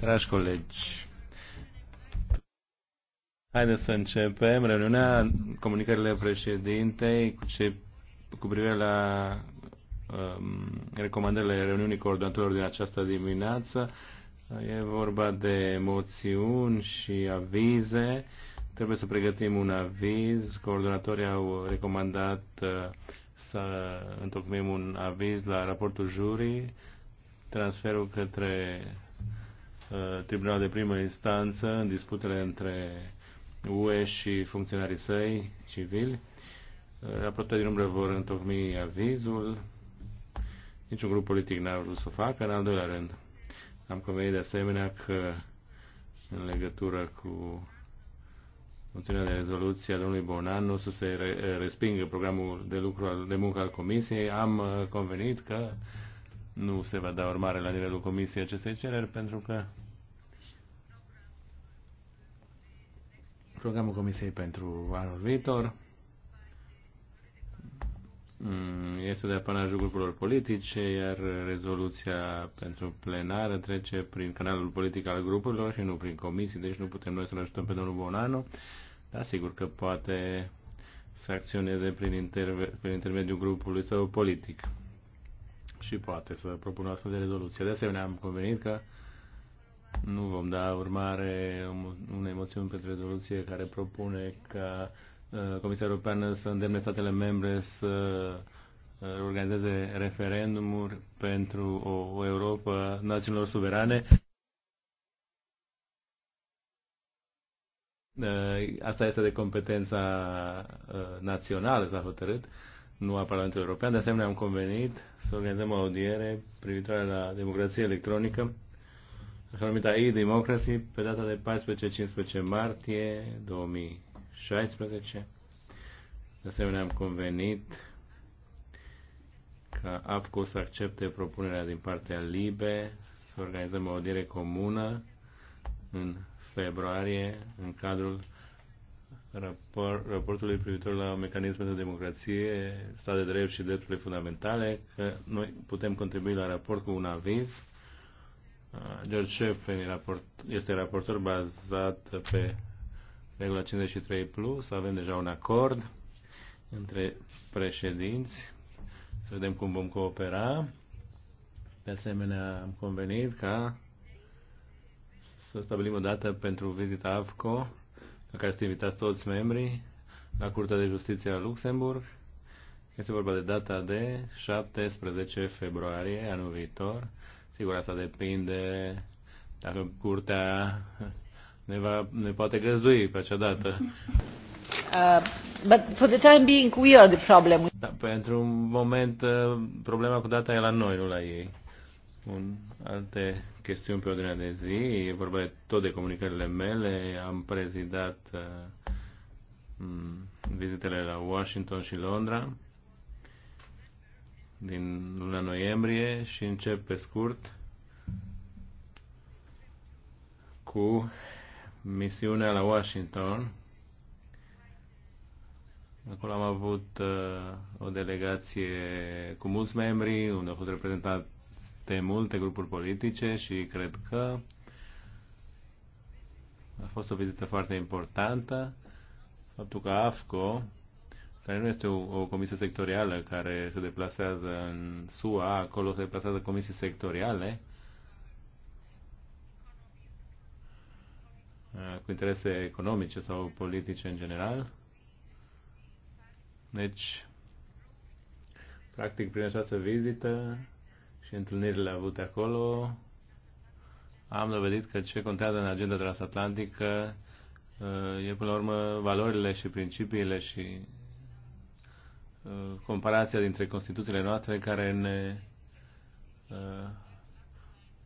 Dragi colegi, haideți să începem reuniunea comunicările președintei cu, ce, cu privire la um, recomandările reuniunii coordonatorilor din această dimineață. E vorba de moțiuni și avize. Trebuie să pregătim un aviz. Coordonatorii au recomandat uh, să întocmim un aviz la raportul jurii, transferul către uh, Tribunal de Primă Instanță în disputele între UE și funcționarii săi civili. Uh, aproape din umbră vor întocmi avizul. Niciun grup politic n-a vrut să o facă. În al doilea rând, am convenit de asemenea că în legătură cu Moțiunea de rezoluție a domnului nu să se respingă programul de lucru de muncă al Comisiei. Am uh, convenit că nu se va da urmare la nivelul Comisiei acestei cereri pentru că programul Comisiei pentru anul viitor mm, este de apanajul grupurilor politice, iar rezoluția pentru plenară trece prin canalul politic al grupurilor și nu prin comisii, deci nu putem noi să-l ajutăm pe domnul Bonanu. Da, sigur că poate să acționeze prin, interve- prin intermediul grupului său politic și poate să propună astfel de rezoluție. De asemenea, am convenit că nu vom da urmare unei moțiuni pentru rezoluție care propune ca uh, Comisia Europeană să îndemne statele membre să uh, organizeze referendumuri pentru o, o Europa națiunilor suverane. Eh, asta este de competența eh, națională, s-a hotărât, nu a Parlamentului European. De asemenea, am convenit să organizăm o audiere privitoare la democrație electronică, așa numită e-democracy, pe data de 14-15 martie 2016. De asemenea, am convenit ca AFCO să accepte propunerea din partea LIBE să organizăm o audiere comună în februarie în cadrul raportului privitor la mecanisme de democrație, stat de drept și drepturile fundamentale. Noi putem contribui la raport cu un aviz. Uh, George Shefflin este raportor bazat pe regula 53+, plus. avem deja un acord între președinți, să vedem cum vom coopera. De asemenea, am convenit ca să stabilim o dată pentru vizita AFCO, la care sunt invitați toți membrii, la Curtea de Justiție a Luxemburg. Este vorba de data de 17 februarie anul viitor. Sigur, asta depinde dacă Curtea ne, va, ne poate găzdui pe acea dată. Uh, but for the time being, we are the problem. Da, pentru un moment, uh, problema cu data e la noi, nu la ei. Un alte chestiuni pe ordinea de zi. E vorba de tot de comunicările mele. Am prezidat uh, vizitele la Washington și Londra din luna noiembrie și încep pe scurt cu misiunea la Washington. Acolo am avut uh, o delegație cu mulți membri, unde a fost reprezentat de multe grupuri politice și cred că a fost o vizită foarte importantă. Faptul că AFCO, care nu este o, o comisie sectorială care se deplasează în SUA, acolo se deplasează comisii sectoriale, cu interese economice sau politice în general. Deci, practic, prin această vizită și întâlnirile avute acolo, am dovedit că ce contează în agenda transatlantică uh, e până la urmă valorile și principiile și uh, comparația dintre Constituțiile noastre care ne uh,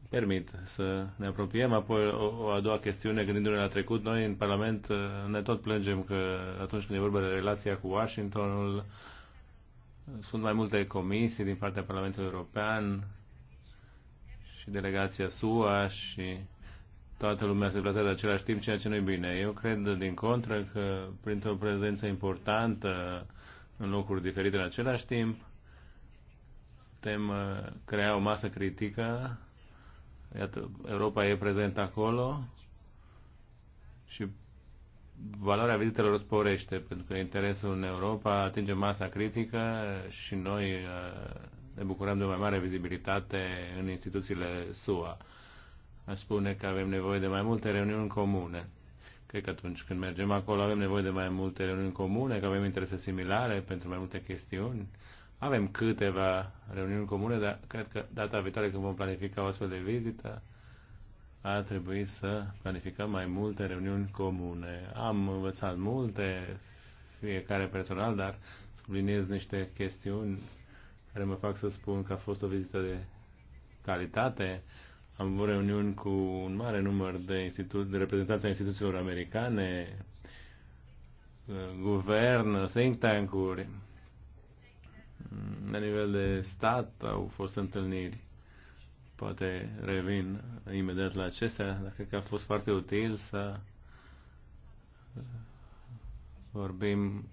permit să ne apropiem. Apoi o, o a doua chestiune, gândindu-ne la trecut, noi în Parlament ne tot plângem că atunci când e vorba de relația cu Washingtonul, sunt mai multe comisii din partea Parlamentului European și delegația SUA și toată lumea se plătea de același timp, ceea ce nu e bine. Eu cred, din contră, că printr-o prezență importantă în locuri diferite în același timp, putem uh, crea o masă critică. Iată, Europa e prezentă acolo și valoarea vizitelor sporește, pentru că interesul în Europa atinge masa critică și noi uh, ne bucurăm de o mai mare vizibilitate în instituțiile SUA. Aș spune că avem nevoie de mai multe reuniuni comune. Cred că atunci când mergem acolo avem nevoie de mai multe reuniuni comune, că avem interese similare pentru mai multe chestiuni. Avem câteva reuniuni comune, dar cred că data viitoare când vom planifica o astfel de vizită, ar trebui să planificăm mai multe reuniuni comune. Am învățat multe, fiecare personal, dar subliniez niște chestiuni care mă fac să spun că a fost o vizită de calitate. Am avut reuniuni cu un mare număr de, institu- de reprezentanți ai instituțiilor americane, uh, guvern, think tank-uri. La nivel de stat au fost întâlniri. Poate revin imediat la acestea, dar cred că a fost foarte util să vorbim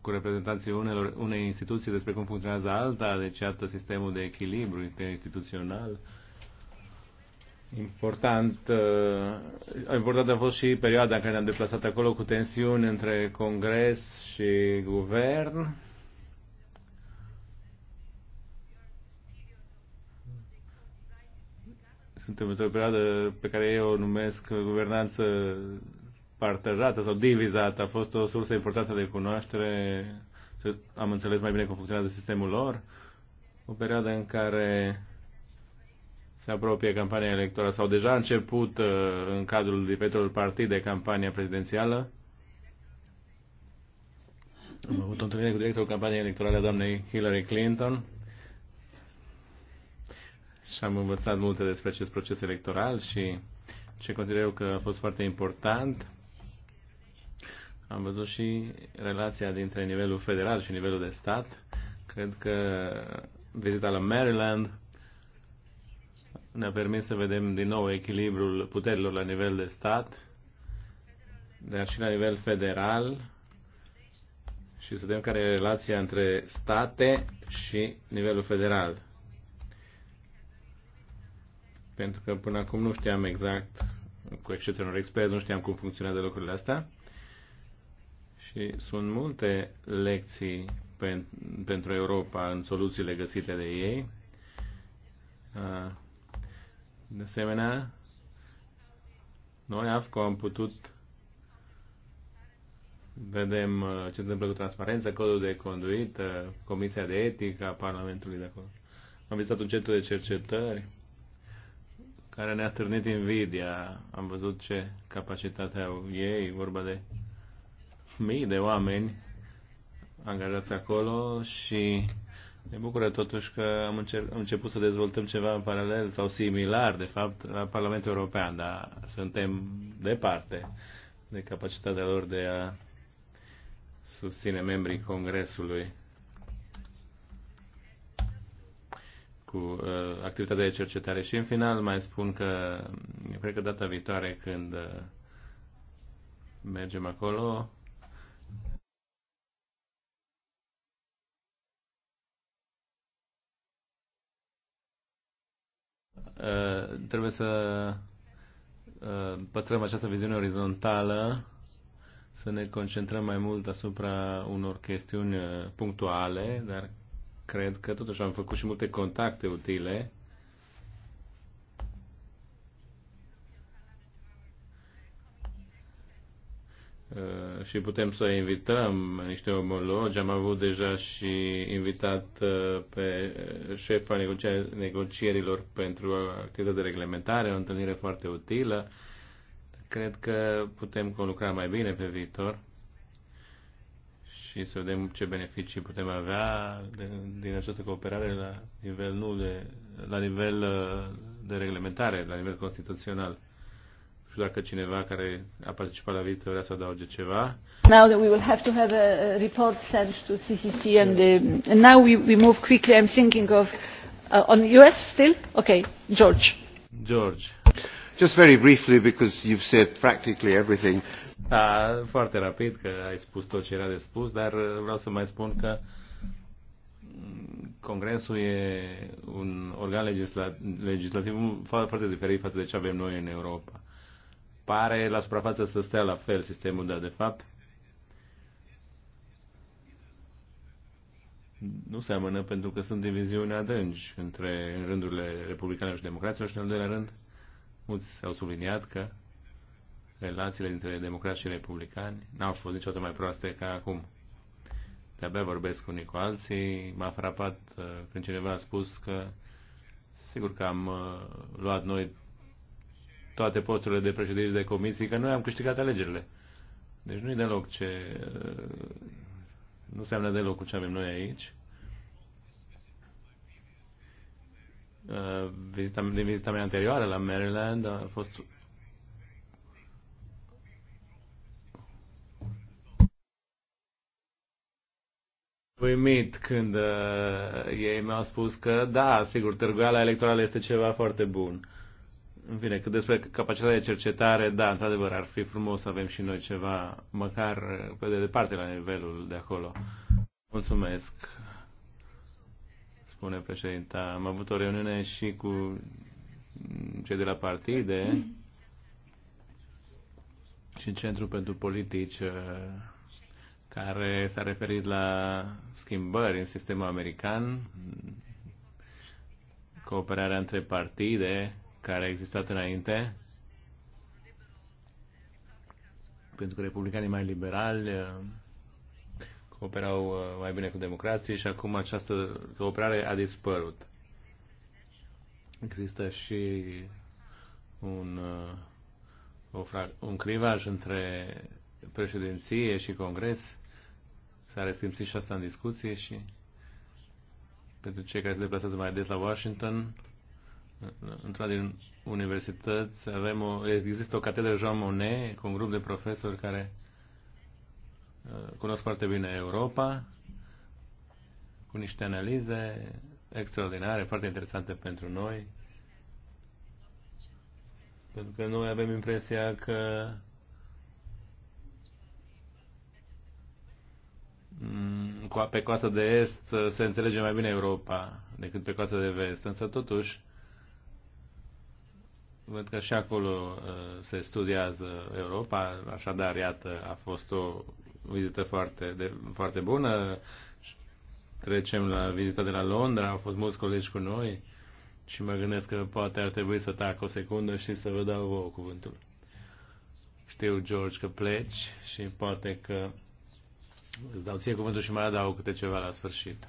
cu reprezentanții unelor, unei instituții despre cum funcționează alta, deci iată sistemul de echilibru interinstituțional. Important, uh, important a fost și perioada în care ne-am deplasat acolo cu tensiuni între Congres și Guvern. Suntem într-o perioadă pe care eu o numesc guvernanță partajată sau divizată a fost o sursă importantă de cunoaștere, am înțeles mai bine cum funcționează sistemul lor, o perioadă în care se apropie campania electorală sau deja a început uh, în cadrul diferitelor partide campania prezidențială. Am avut o întâlnire cu directorul campaniei electorale a doamnei Hillary Clinton și am învățat multe despre acest proces electoral și ce consider eu că a fost foarte important am văzut și relația dintre nivelul federal și nivelul de stat. Cred că vizita la Maryland ne-a permis să vedem din nou echilibrul puterilor la nivel de stat, dar și la nivel federal și să vedem care e relația între state și nivelul federal. Pentru că până acum nu știam exact, cu excepția unor experți, nu știam cum funcționează lucrurile astea. Și sunt multe lecții pen, pentru Europa în soluțiile găsite de ei. De asemenea, noi, ASCO am putut vedem uh, ce se întâmplă cu transparență, codul de conduit, Comisia de Etică a Parlamentului de acolo. Am vizitat un centru de cercetări care ne-a târnit invidia. Am văzut ce capacitate au ei, vorba de mii de oameni angajați acolo și ne bucură totuși că am, încer- am început să dezvoltăm ceva în paralel sau similar, de fapt, la Parlamentul European, dar suntem departe de capacitatea lor de a susține membrii Congresului cu uh, activitatea de cercetare. Și în final mai spun că cred că data viitoare când uh, mergem acolo, Eh, trebuie să eh, păstrăm această viziune orizontală, să ne concentrăm mai mult asupra unor chestiuni eh, punctuale, dar cred că totuși am făcut și multe contacte utile Uh, și putem să invităm niște omologi. Am avut deja și invitat uh, pe uh, șefa negocierilor pentru activitatea de reglementare, o întâlnire foarte utilă. Cred că putem lucra mai bine pe viitor și să vedem ce beneficii putem avea din această cooperare la nivel, nu de, la nivel de reglementare, la nivel constituțional știu dacă cineva care a participat la vizită vrea să adauge ceva. Now that we will have to have a, report sent to CCC and, the, uh, and now we, we move quickly. I'm thinking of uh, on US still. Okay, George. George. Just very briefly because you've said practically everything. A da, foarte rapid că ai spus tot ce era de spus, dar uh, vreau să mai spun că mm, Congresul e un organ legisla legislativ foarte diferit față de ce avem noi în Europa pare la suprafață să stea la fel sistemul, dar de fapt nu seamănă pentru că sunt diviziuni adânci între în rândurile republicane și democraților și în al doilea rând mulți au subliniat că relațiile dintre democrați și republicani n-au fost niciodată mai proaste ca acum. De-abia vorbesc unii cu alții. M-a frapat uh, când cineva a spus că sigur că am uh, luat noi toate posturile de președinți de comisii, că noi am câștigat alegerile. Deci nu e deloc ce... Nu seamănă deloc cu ce avem noi aici. Uh, vizita, din vizita mea anterioară la Maryland a fost uimit când uh, ei mi-au spus că da, sigur, târgoiala electorală este ceva foarte bun. În fine, că despre capacitatea de cercetare, da, într-adevăr, ar fi frumos să avem și noi ceva, măcar uh, pe de departe la nivelul de acolo. Mulțumesc, spune președinta. Am avut o reuniune și cu cei de la partide și Centrul pentru Politici uh, care s-a referit la schimbări în sistemul american, cooperarea între partide, care a existat înainte, pentru că republicanii mai liberali uh, cooperau uh, mai bine cu democrații și acum această cooperare a dispărut. Există și un, uh, un clivaj între președinție și congres. S-a resimțit și asta în discuție și pentru cei care se deplasează mai des la Washington, într adevăr din universități avem o, există o catedră Jean Monnet cu un grup de profesori care uh, cunosc foarte bine Europa cu niște analize extraordinare, foarte interesante pentru noi pentru că noi avem impresia că pe coasta de est uh, se înțelege mai bine Europa decât pe coasta de vest, însă totuși Văd că și acolo uh, se studiază Europa, așadar, iată, a fost o vizită foarte, de, foarte bună. Trecem la vizita de la Londra, au fost mulți colegi cu noi și mă gândesc că poate ar trebui să tac o secundă și să vă dau vouă cuvântul. Știu, George, că pleci și poate că îți dau ție cuvântul și mai adaug câte ceva la sfârșit.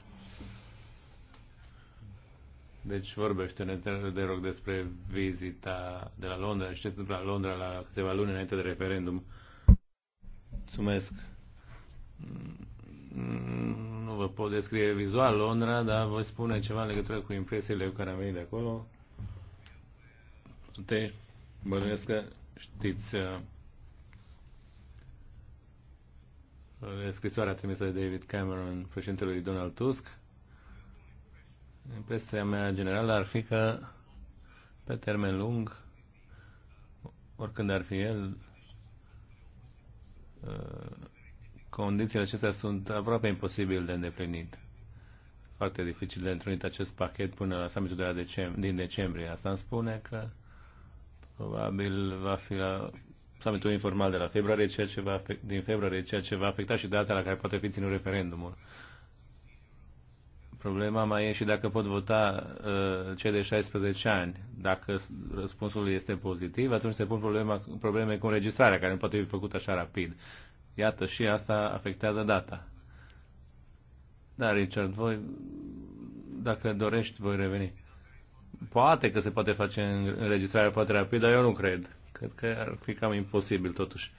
Deci vorbește-ne, de rog, despre vizita de la Londra și ce se întâmplă la Londra la câteva luni înainte de referendum. Mulțumesc. Mm, nu vă pot descrie vizual Londra, dar voi spune ceva în legătură cu impresiile cu care am venit de acolo. Te bănuiesc că știți uh, uh, scrisoarea trimisă de David Cameron președintelui Donald Tusk Impresia mea generală ar fi că pe termen lung, oricând ar fi el, uh, condițiile acestea sunt aproape imposibil de îndeplinit. Foarte dificil de întrunit acest pachet până la summitul de la decem- din decembrie. Asta îmi spune că probabil va fi la summitul informal de la februarie, ceea ce va, din februarie, ceea ce va afecta și data la care poate fi ținut referendumul. Problema mai e și dacă pot vota uh, cei de 16 ani. Dacă răspunsul este pozitiv, atunci se pun problema, probleme cu înregistrarea, care nu poate fi făcută așa rapid. Iată, și asta afectează data. Dar Richard, voi, dacă dorești, voi reveni. Poate că se poate face înregistrarea foarte rapid, dar eu nu cred. Cred că ar fi cam imposibil, totuși.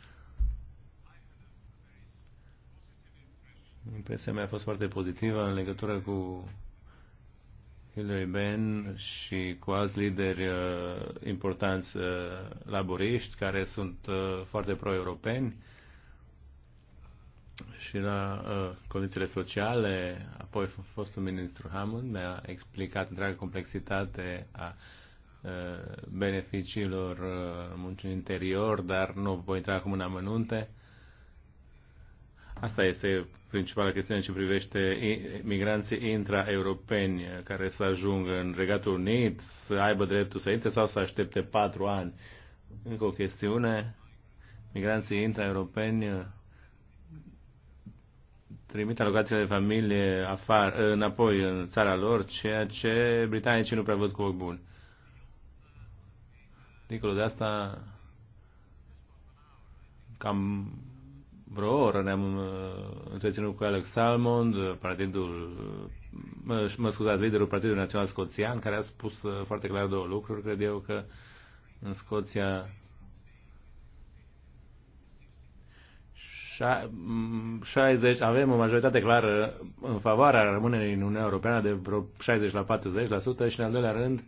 Impresia mea a fost foarte pozitivă în legătură cu Hillary Ben și cu alți lideri uh, importanți uh, laboriști care sunt uh, foarte pro-europeni și la uh, condițiile sociale. Apoi fostul ministru Hammond mi-a explicat întreaga complexitate a uh, beneficiilor uh, muncii interior, dar nu voi intra acum în amănunte. Asta este principala chestiune ce privește migranții intra-europeni care să ajungă în Regatul Unit, să aibă dreptul să intre sau să aștepte patru ani. Încă o chestiune, migranții intra-europeni trimit alocațiile de familie afar, înapoi în țara lor, ceea ce britanicii nu prea văd cu ochi bun. Dincolo de asta, cam vreo oră ne-am uh, întreținut cu Alex Salmond, uh, partidul, uh, mă, mă scuzați, liderul Partidului Național Scoțian, care a spus foarte clar două lucruri. Cred eu că în Scoția 60, avem o majoritate clară în favoarea rămânerii în Uniunea Europeană de vreo 60 la 40% și în al doilea rând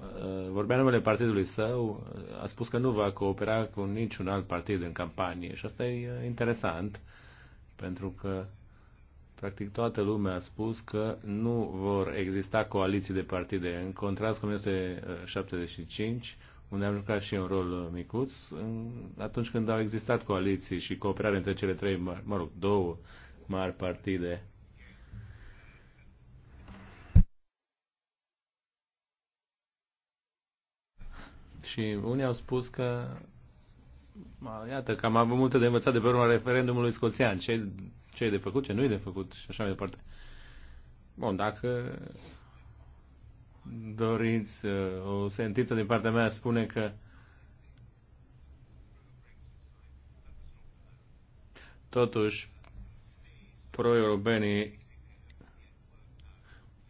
Uh, vorbea numele partidului său, uh, a spus că nu va coopera cu niciun alt partid în campanie și asta e uh, interesant pentru că practic toată lumea a spus că nu vor exista coaliții de partide. În contrast cu 1975, unde am jucat și un rol micuț, atunci când au existat coaliții și cooperare între cele trei, mă rog, două mari partide Și unii au spus că, iată, că am avut multe de învățat de pe urma referendumului scoțian, ce, ce e de făcut, ce nu e de făcut și așa mai departe. Bun, dacă doriți, uh, o sentință din partea mea spune că totuși pro-europenii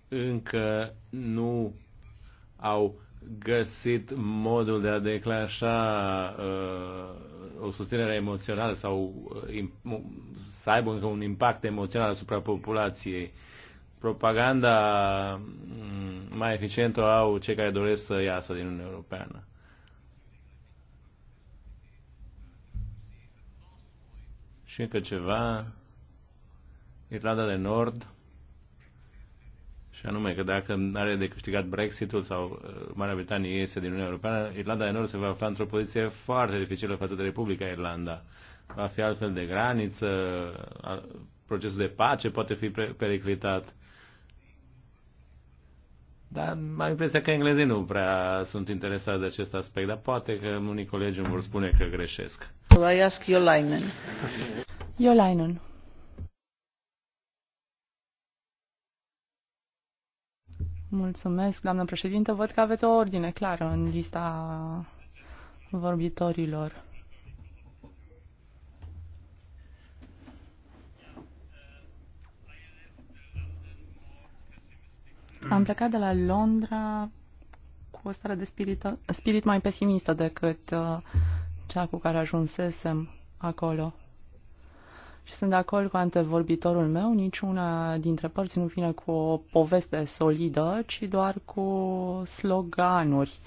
încă nu au găsit modul de a declanșa uh, o susținere emoțională sau uh, im, să aibă încă un impact emoțional asupra populației. Propaganda mm, mai eficientă au cei care doresc să iasă din Uniunea Europeană. Și încă ceva. Irlanda de Nord și anume că dacă are de câștigat Brexitul sau uh, Marea Britanie iese din Uniunea Europeană, Irlanda de Nord se va afla într-o poziție foarte dificilă față de Republica Irlanda. Va fi altfel de graniță, procesul de pace poate fi periclitat. Dar am impresia că englezii nu prea sunt interesați de acest aspect, dar poate că unii colegi îmi vor spune că greșesc. Iolainen. Iolainen. Mulțumesc, doamnă președintă. Văd că aveți o ordine clară în lista vorbitorilor. Am plecat de la Londra cu o stare de spirit, spirit mai pesimistă decât uh, cea cu care ajunsesem acolo. Și sunt de acord cu antevorbitorul meu, niciuna dintre părți nu vine cu o poveste solidă, ci doar cu sloganuri.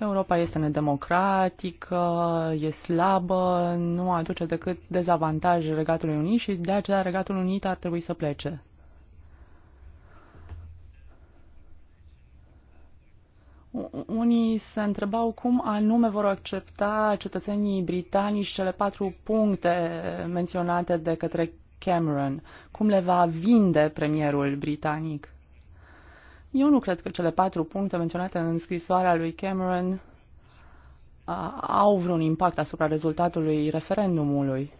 Europa este nedemocratică, e slabă, nu aduce decât dezavantaje Regatului Unit și de aceea Regatul Unit ar trebui să plece. Unii se întrebau cum anume vor accepta cetățenii britanici cele patru puncte menționate de către Cameron. Cum le va vinde premierul britanic? Eu nu cred că cele patru puncte menționate în scrisoarea lui Cameron au vreun impact asupra rezultatului referendumului.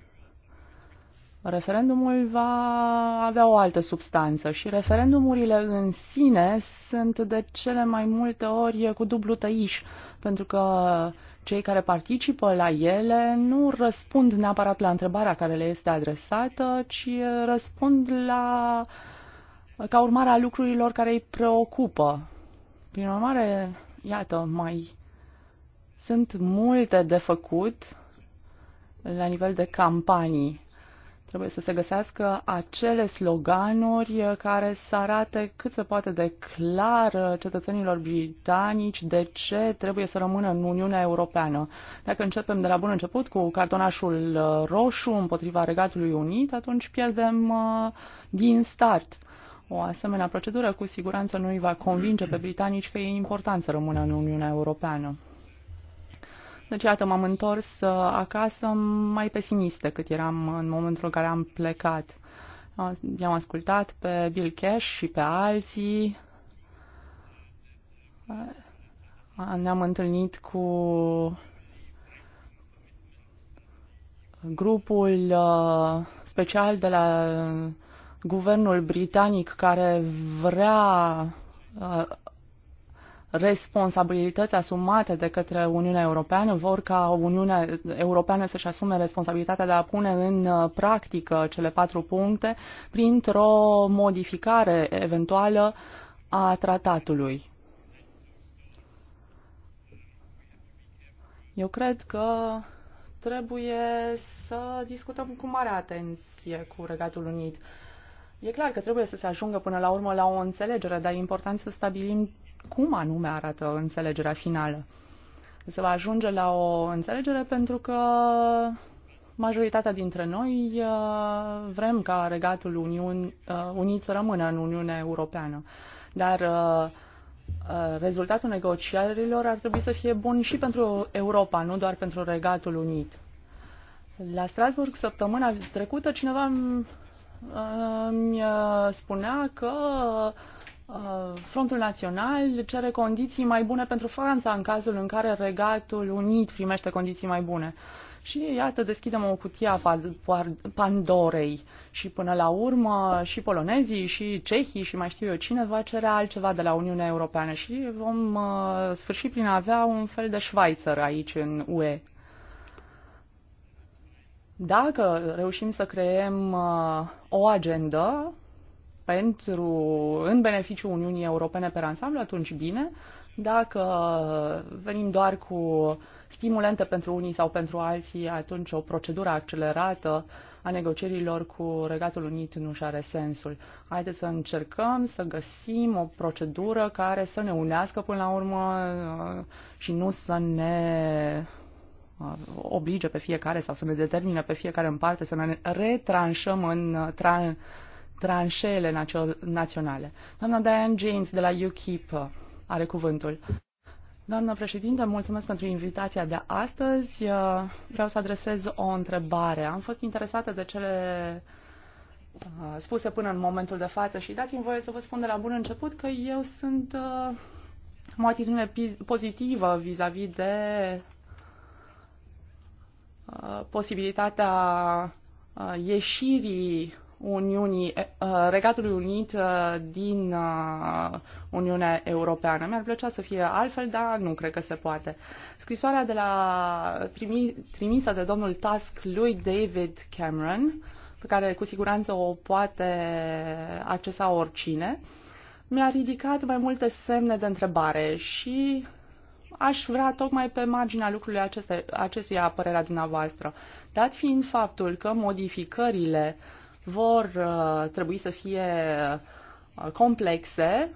Referendumul va avea o altă substanță și referendumurile în sine sunt de cele mai multe ori cu dublu tăiș, pentru că cei care participă la ele nu răspund neapărat la întrebarea care le este adresată, ci răspund la, ca urmare a lucrurilor care îi preocupă. Prin urmare, iată, mai sunt multe de făcut la nivel de campanii Trebuie să se găsească acele sloganuri care să arate cât se poate de clar cetățenilor britanici de ce trebuie să rămână în Uniunea Europeană. Dacă începem de la bun început cu cartonașul roșu împotriva Regatului Unit, atunci pierdem uh, din start. O asemenea procedură cu siguranță nu îi va convinge pe britanici că e important să rămână în Uniunea Europeană. Deci, iată, m-am întors uh, acasă mai pesimist decât eram în momentul în care am plecat. Uh, i-am ascultat pe Bill Cash și pe alții. Uh, ne-am întâlnit cu grupul special de la guvernul britanic care vrea responsabilități asumate de către Uniunea Europeană, vor ca Uniunea Europeană să-și asume responsabilitatea de a pune în uh, practică cele patru puncte printr-o modificare eventuală a tratatului. Eu cred că trebuie să discutăm cu mare atenție cu Regatul Unit. E clar că trebuie să se ajungă până la urmă la o înțelegere, dar e important să stabilim cum anume arată înțelegerea finală. Se va ajunge la o înțelegere pentru că majoritatea dintre noi uh, vrem ca regatul Uniun, uh, Unit să rămână în Uniunea Europeană. Dar uh, rezultatul negocierilor ar trebui să fie bun și pentru Europa, nu doar pentru Regatul Unit. La Strasburg, săptămâna trecută, cineva îmi spunea că uh, Uh, Frontul Național cere condiții mai bune pentru Franța în cazul în care Regatul Unit primește condiții mai bune. Și iată, deschidem o cutie a Pandorei și până la urmă și polonezii și cehii și mai știu eu cine va cere altceva de la Uniunea Europeană și vom uh, sfârși prin a avea un fel de Schweizer aici în UE. Dacă reușim să creăm uh, o agendă, pentru, în beneficiul Uniunii Europene pe ansamblu, atunci bine. Dacă venim doar cu stimulente pentru unii sau pentru alții, atunci o procedură accelerată a negocierilor cu Regatul Unit nu și are sensul. Haideți să încercăm să găsim o procedură care să ne unească până la urmă uh, și nu să ne uh, oblige pe fiecare sau să ne determine pe fiecare în parte să ne retranșăm în uh, tran- tranșele naționale. Doamna Diane James de la UKIP are cuvântul. Doamna președintă, mulțumesc pentru invitația de astăzi. Uh, vreau să adresez o întrebare. Am fost interesată de cele uh, spuse până în momentul de față și dați-mi voie să vă spun de la bun început că eu sunt uh, o atitudine pozitivă vis-a-vis -vis de posibilitatea ieșirii Uniunii, uh, Regatului Unit uh, din uh, Uniunea Europeană. Mi-ar plăcea să fie altfel, dar nu cred că se poate. Scrisoarea de la trimisă de domnul Tusk lui David Cameron, pe care cu siguranță o poate accesa oricine, mi-a ridicat mai multe semne de întrebare și aș vrea tocmai pe marginea lucrurilor acestuia părerea dumneavoastră. Dat fiind faptul că modificările uh, vor uh, trebui să fie uh, complexe,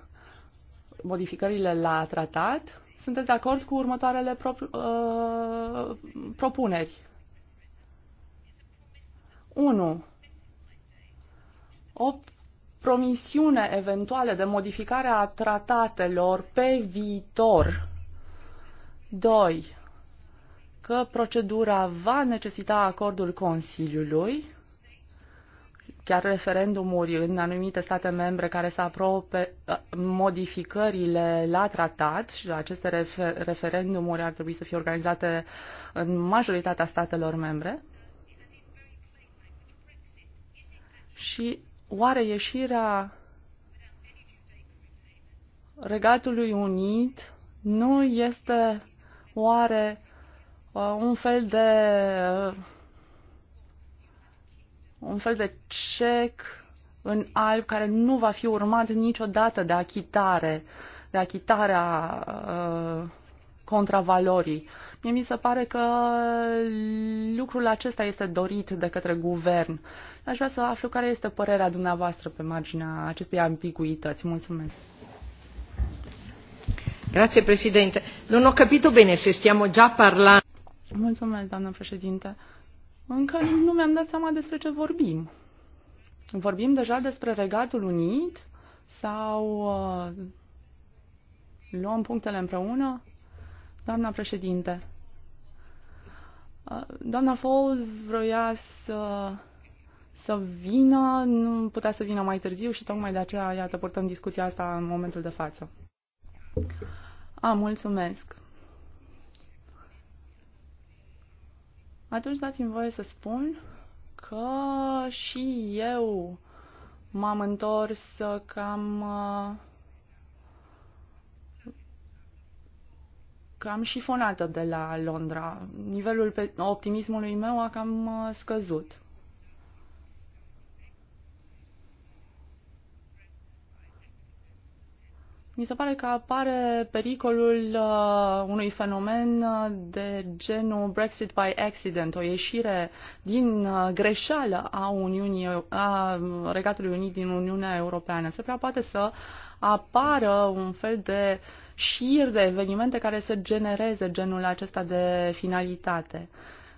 modificările la tratat, sunteți de acord cu următoarele pro, uh, propuneri? 1. O promisiune eventuală de modificare a tratatelor pe viitor. 2. Că procedura va necesita acordul Consiliului chiar referendumuri în anumite state membre care să aprobe uh, modificările la tratat și aceste refer- referendumuri ar trebui să fie organizate în majoritatea statelor membre. Și oare ieșirea Regatului Unit nu este oare uh, un fel de uh, un fel de cec în alb care nu va fi urmat niciodată de achitare, de achitarea uh, contravalorii. Mie mi se pare că lucrul acesta este dorit de către guvern. Aș vrea să aflu care este părerea dumneavoastră pe marginea acestei ambiguități. Mulțumesc. Grazie Presidente. Non ho capito bene se stiamo già parlando. Mulțumesc, doamnă președinte. Uh, încă nu mi-am dat seama despre ce vorbim. Vorbim deja despre Regatul Unit sau uh, luăm punctele împreună? Doamna președinte, uh, doamna Fall vroia să, să vină, nu putea să vină mai târziu și tocmai de aceea, iată, purtăm discuția asta în momentul de față. A, mulțumesc. atunci dați-mi voie să spun că și eu m-am întors cam uh, cam șifonată de la Londra. Nivelul optimismului meu a cam uh, scăzut. mi se pare că apare pericolul uh, unui fenomen uh, de genul Brexit by accident, o ieșire din uh, greșeală a, Uniunii, a Regatului Unit din Uniunea Europeană. Se prea poate să apară un fel de șir de evenimente care să genereze genul acesta de finalitate.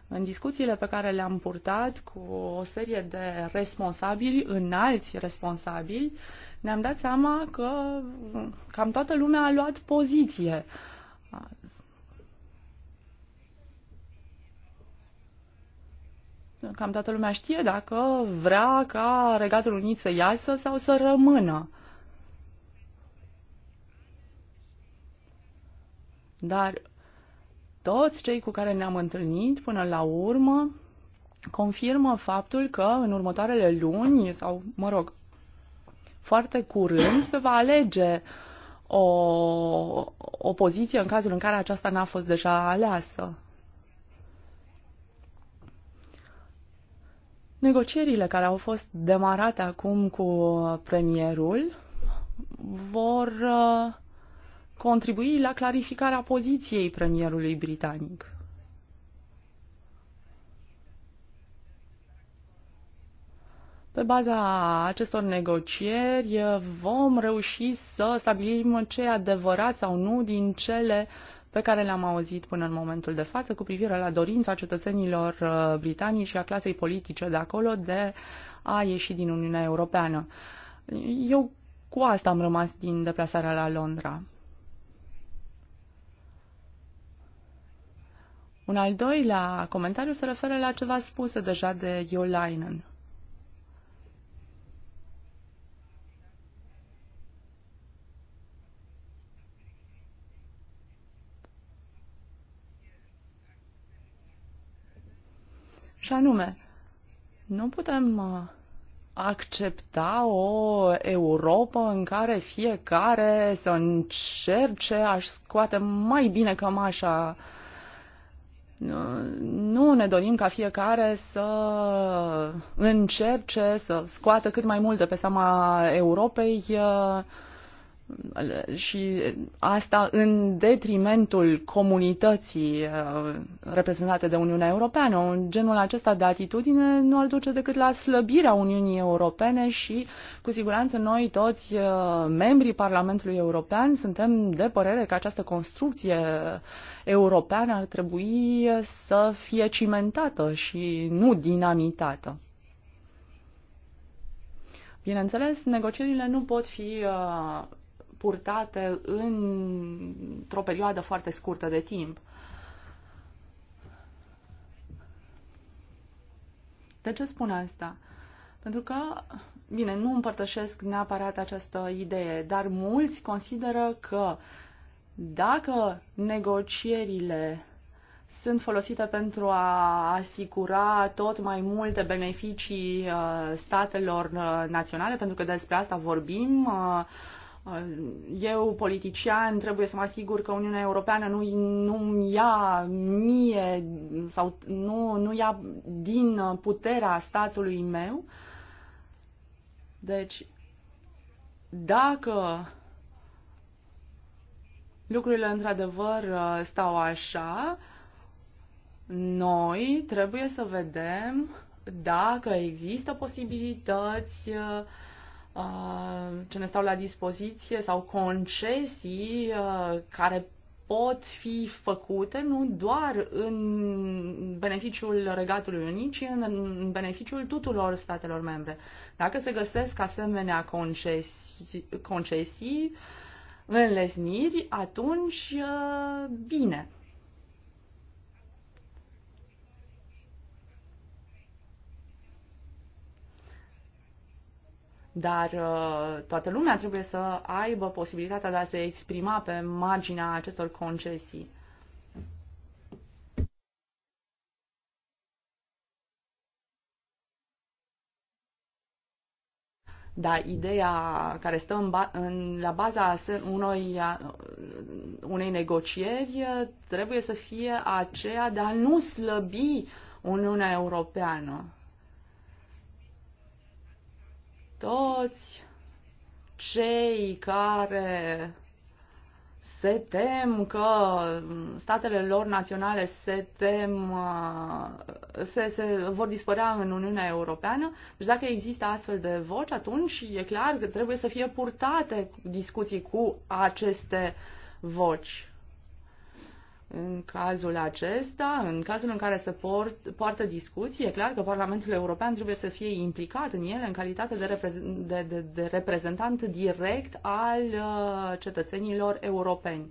În discuțiile pe care le-am purtat cu o serie de responsabili, înalți responsabili, uh, ne-am dat seama că cam toată lumea a luat poziție. Cam toată lumea știe dacă vrea ca Regatul Unit să iasă sau să rămână. Dar toți cei cu care ne-am întâlnit până la urmă confirmă faptul că în următoarele luni sau, mă rog, foarte curând se va alege o, o poziție în cazul în care aceasta n-a fost deja aleasă. Negocierile care au fost demarate acum cu premierul vor uh, contribui la clarificarea poziției premierului britanic. Pe baza acestor negocieri eh, vom reuși să stabilim ce e adevărat sau nu din cele pe care le-am auzit până în momentul de față cu privire la dorința cetățenilor eh, britanici și a clasei politice de acolo de a ieși din Uniunea Europeană. Eu cu asta am rămas din deplasarea la Londra. Un al doilea comentariu se referă la ceva spuse deja de Iolainen. și anume, nu putem uh, accepta o Europa în care fiecare să încerce a scoate mai bine cămașa nu ne dorim ca fiecare să încerce să scoată cât mai mult de pe seama Europei uh, și asta în detrimentul comunității uh, reprezentate de Uniunea Europeană. Un genul acesta de atitudine nu ar duce decât la slăbirea Uniunii Europene și, cu siguranță, noi toți uh, membrii Parlamentului European suntem de părere că această construcție europeană ar trebui să fie cimentată și nu dinamitată. Bineînțeles, negocierile nu pot fi uh, purtate într-o perioadă foarte scurtă de timp. De ce spun asta? Pentru că, bine, nu împărtășesc neapărat această idee, dar mulți consideră că dacă negocierile sunt folosite pentru a asigura tot mai multe beneficii uh, statelor uh, naționale, pentru că despre asta vorbim, uh, Uh, eu, politician, trebuie să mă asigur că Uniunea Europeană nu, nu ia mie sau nu, nu ia din puterea statului meu. Deci, dacă lucrurile într-adevăr uh, stau așa, noi trebuie să vedem dacă există posibilități uh, Uh, ce ne stau la dispoziție sau concesii uh, care pot fi făcute nu doar în beneficiul Regatului Unit, ci în beneficiul tuturor statelor membre. Dacă se găsesc asemenea concesii, concesii înlesniri, atunci uh, bine. dar uh, toată lumea trebuie să aibă posibilitatea de a se exprima pe marginea acestor concesii. Da, ideea care stă în ba- în, la baza unui, uh, unei negocieri uh, trebuie să fie aceea de a nu slăbi Uniunea Europeană toți cei care se tem că statele lor naționale se tem, uh, se, se vor dispărea în Uniunea Europeană. Deci dacă există astfel de voci, atunci e clar că trebuie să fie purtate discuții cu aceste voci. În cazul acesta, în cazul în care se port, poartă discuții, e clar că Parlamentul European trebuie să fie implicat în ele în calitate de, reprezent, de, de, de reprezentant direct al uh, cetățenilor europeni.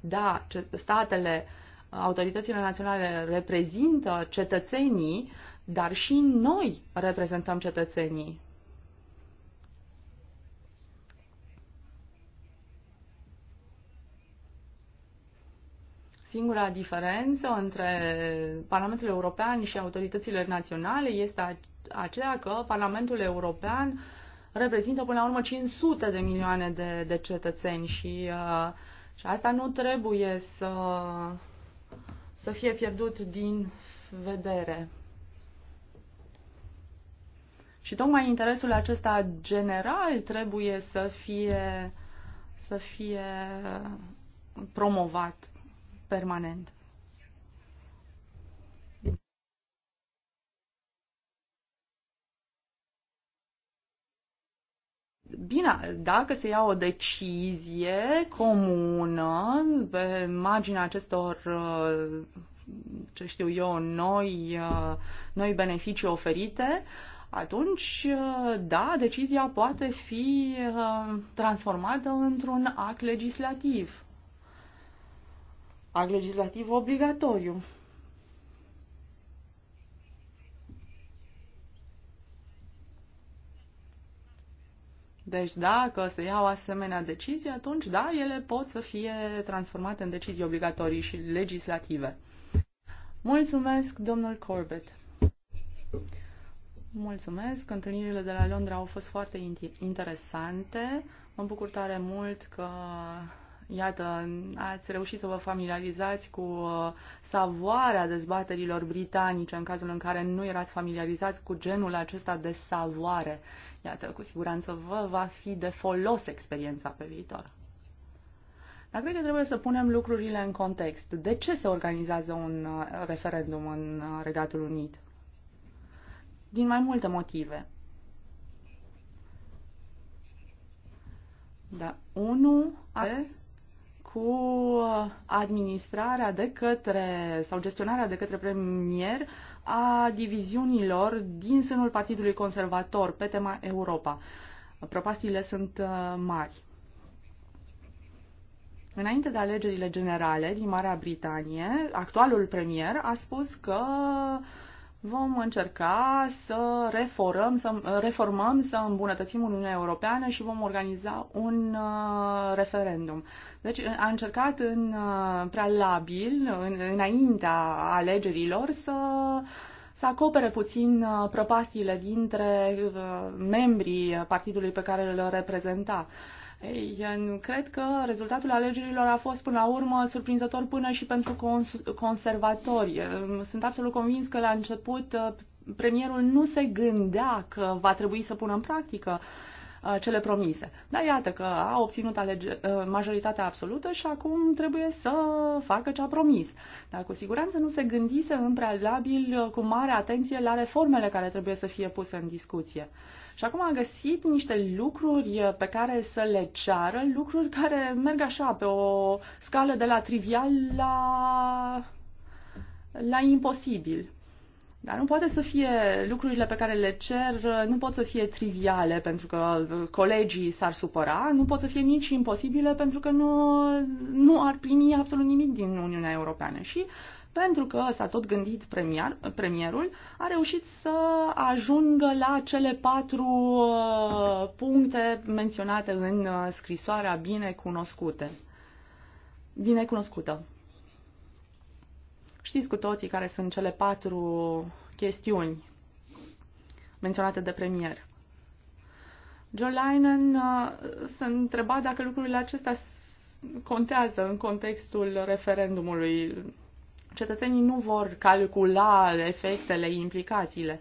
Da, statele, autoritățile naționale reprezintă cetățenii, dar și noi reprezentăm cetățenii. Singura diferență între Parlamentul European și autoritățile naționale este aceea că Parlamentul European reprezintă până la urmă 500 de milioane de, de cetățeni și, uh, și asta nu trebuie să, să fie pierdut din vedere. Și tocmai interesul acesta general trebuie să fie, să fie promovat permanent. Bine, dacă se ia o decizie comună pe marginea acestor, uh, ce știu eu, noi, uh, noi beneficii oferite, atunci, uh, da, decizia poate fi transformată într-un act legislativ act legislativ obligatoriu. Deci dacă se iau asemenea decizii, atunci da, ele pot să fie transformate în decizii obligatorii și legislative. Mulțumesc, domnul Corbett. Mulțumesc. Întâlnirile de la Londra au fost foarte interesante. Mă bucur tare mult că Iată, ați reușit să vă familiarizați cu uh, savoarea dezbaterilor britanice în cazul în care nu erați familiarizați cu genul acesta de savoare. Iată, cu siguranță vă va fi de folos experiența pe viitor. Dar cred că trebuie să punem lucrurile în context. De ce se organizează un uh, referendum în uh, Regatul Unit? Din mai multe motive. Da. unul are cu administrarea de către sau gestionarea de către premier a diviziunilor din sânul Partidului Conservator pe tema Europa. Propastiile sunt uh, mari. Înainte de alegerile generale din Marea Britanie, actualul premier a spus că uh, vom încerca să reformăm, să reformăm, să îmbunătățim Uniunea Europeană și vom organiza un uh, referendum. Deci a încercat în uh, prealabil, în, înaintea alegerilor, să să acopere puțin uh, prăpastiile dintre membrii partidului pe care îl reprezenta. Ei, nu cred că rezultatul alegerilor a fost până la urmă surprinzător până și pentru cons- conservatori. Ehm, sunt absolut convins că la început eh, premierul nu se gândea că va trebui să pună în practică eh, cele promise. Dar iată că a obținut alege- eh, majoritatea absolută și acum trebuie să facă ce a promis. Dar cu siguranță nu se gândise în prealabil cu mare atenție la reformele care trebuie să fie puse în discuție. Uh, și acum a găsit niște lucruri eh, pe care să le ceară, lucruri care merg așa, pe o scală de la trivial la, la imposibil. Dar nu poate să fie lucrurile pe care le cer, eh, nu pot să fie triviale pentru că eh, colegii s-ar supăra, nu pot să fie nici imposibile pentru că nu, nu ar primi absolut nimic din Uniunea Europeană. Și uh, pentru că s-a tot gândit premier, premierul, a reușit să ajungă la cele patru uh, puncte menționate în uh, scrisoarea binecunoscute. Binecunoscută. Știți cu toții care sunt cele patru chestiuni menționate de premier. Joe Linen uh, se întreba dacă lucrurile acestea contează în contextul referendumului Cetățenii nu vor calcula efectele, implicațiile.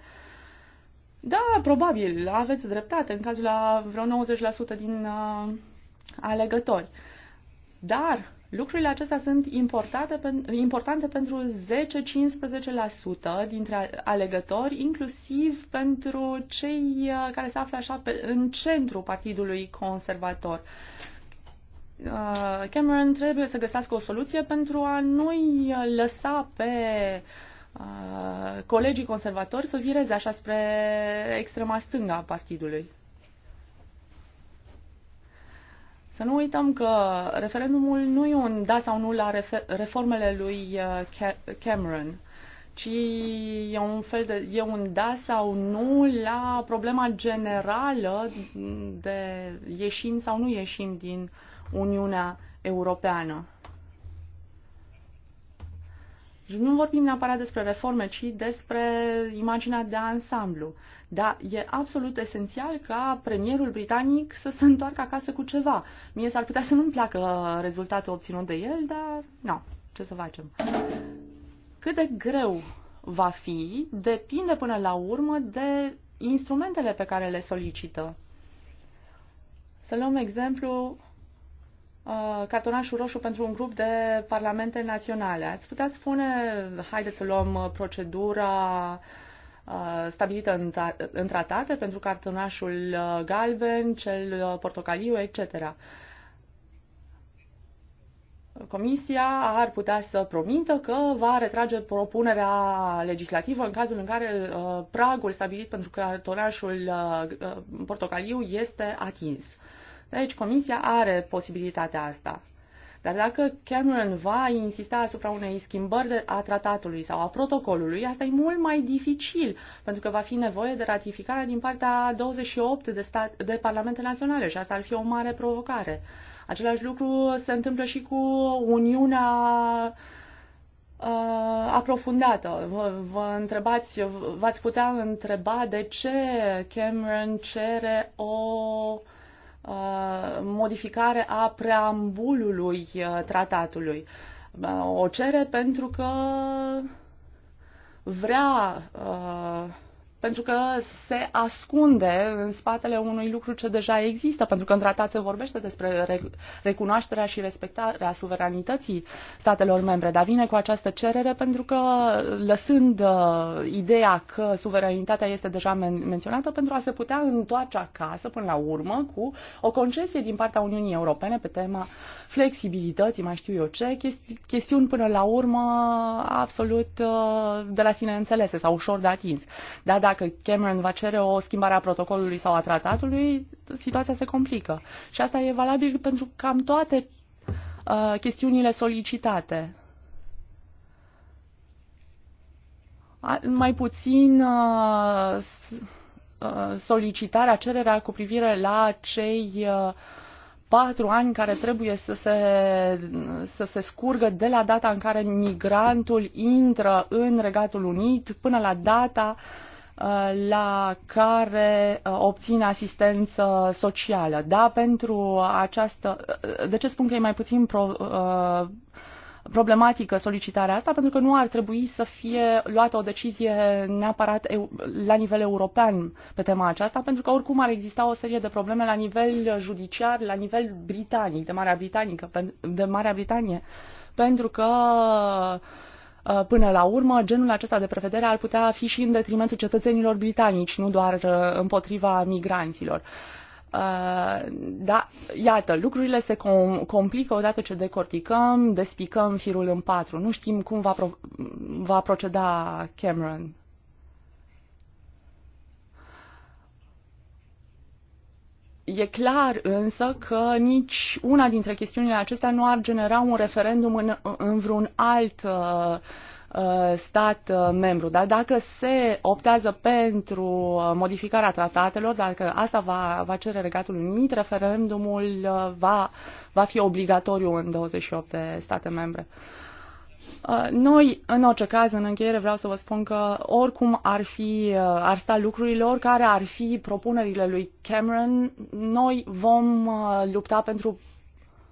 Da, probabil, aveți dreptate în cazul la vreo 90% din uh, alegători. Dar lucrurile acestea sunt importante pentru 10-15% dintre alegători, inclusiv pentru cei uh, care se află așa pe, în centrul Partidului Conservator. Uh, Uh, Cameron trebuie să găsească o soluție pentru a nu-i lăsa pe uh, colegii conservatori să vireze așa spre extrema stânga a partidului. Să nu uităm că referendumul nu e un da sau nu la reformele lui uh, Cameron, ci e un fel de e un da sau nu la problema generală de ieșim sau nu ieșim din uh, Uniunea Europeană. nu vorbim neapărat despre reforme, ci despre imaginea de ansamblu. Dar e absolut esențial ca premierul britanic să se întoarcă acasă cu ceva. Mie s-ar putea să nu-mi placă rezultatul obținut de el, dar nu, ce să facem. Cât de greu va fi, depinde până la urmă de instrumentele pe care le solicită. Să luăm exemplu Uh, cartonașul roșu pentru un grup de parlamente naționale. Ați putea spune, haideți să luăm uh, procedura uh, stabilită în, în tratate pentru cartonașul galben, cel portocaliu, etc. Comisia ar putea să promită că va retrage propunerea legislativă în cazul în care pragul stabilit pentru cartonașul portocaliu este atins. Deci Comisia are posibilitatea asta. Dar dacă Cameron va insista asupra unei schimbări a tratatului sau a protocolului, asta e mult mai dificil, pentru că va fi nevoie de ratificarea din partea 28 de, stat, de parlamente naționale și asta ar fi o mare provocare. Același lucru se întâmplă și cu Uniunea uh, aprofundată. Vă, vă întrebați, v-ați putea întreba de ce Cameron cere o uh, Uh, modificare a preambulului uh, tratatului. Uh, o cere pentru că vrea pentru că se ascunde în spatele unui lucru ce deja există, pentru că în tratat se vorbește despre recunoașterea și respectarea suveranității statelor membre, dar vine cu această cerere pentru că lăsând uh, ideea că suveranitatea este deja men- menționată pentru a se putea întoarce acasă până la urmă cu o concesie din partea Uniunii Europene pe tema flexibilității, mai știu eu ce, chesti- chestiuni până la urmă absolut uh, de la sine înțelese sau ușor de atins. Dar dacă Cameron va cere o schimbare a protocolului sau a tratatului, situația se complică. Și asta e valabil pentru cam toate uh, chestiunile solicitate. A, mai puțin uh, uh, solicitarea, cererea cu privire la cei uh, patru ani care trebuie să se, să se scurgă de la data în care migrantul intră în Regatul Unit până la data uh, Uh, la care uh, obțin asistență socială. Da, pentru această. Uh, de ce spun că e mai puțin pro, problematică solicitarea asta? Pentru că nu ar trebui să fie luată o decizie neapărat la nivel european pe tema aceasta, pentru că oricum ar exista o serie de probleme la nivel judiciar, la nivel britanic, de Marea Britanică, de Marea Britanie, pentru că uh, Uh, până la urmă, genul acesta de prevedere ar putea fi și în detrimentul cetățenilor britanici, nu doar uh, împotriva migranților. Uh, da, iată, lucrurile se com- complică odată ce decorticăm, despicăm firul în patru. Nu știm cum va, pro- va proceda Cameron. E clar însă că nici una dintre chestiunile acestea nu ar genera un referendum în, în vreun alt uh, uh, stat uh, membru. Dar dacă se optează pentru modificarea tratatelor, dacă asta va, va cere Regatul Unit, referendumul va, va fi obligatoriu în 28 de state membre. Uh, Uh, noi, în orice caz, în încheiere vreau să vă spun că oricum ar fi, uh, ar sta lucrurilor, care ar fi propunerile lui Cameron, noi vom uh, lupta pentru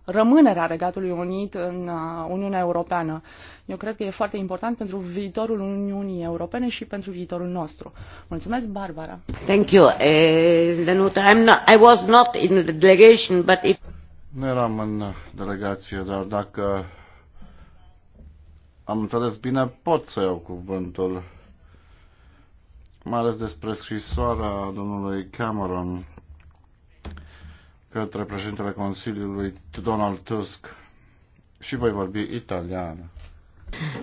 rămânerea Regatului Unit în Uniunea Europeană. Eu cred că e foarte important pentru viitorul Uniunii Europene și pentru viitorul nostru. Mulțumesc, Barbara. Thank you. Uh, I'm not, I was not in the delegation, but if... Nu eram în delegație, dar dacă am înțeles bine, pot să iau cuvântul, mai ales despre scrisoarea domnului Cameron către președintele Consiliului Donald Tusk și voi vorbi italian.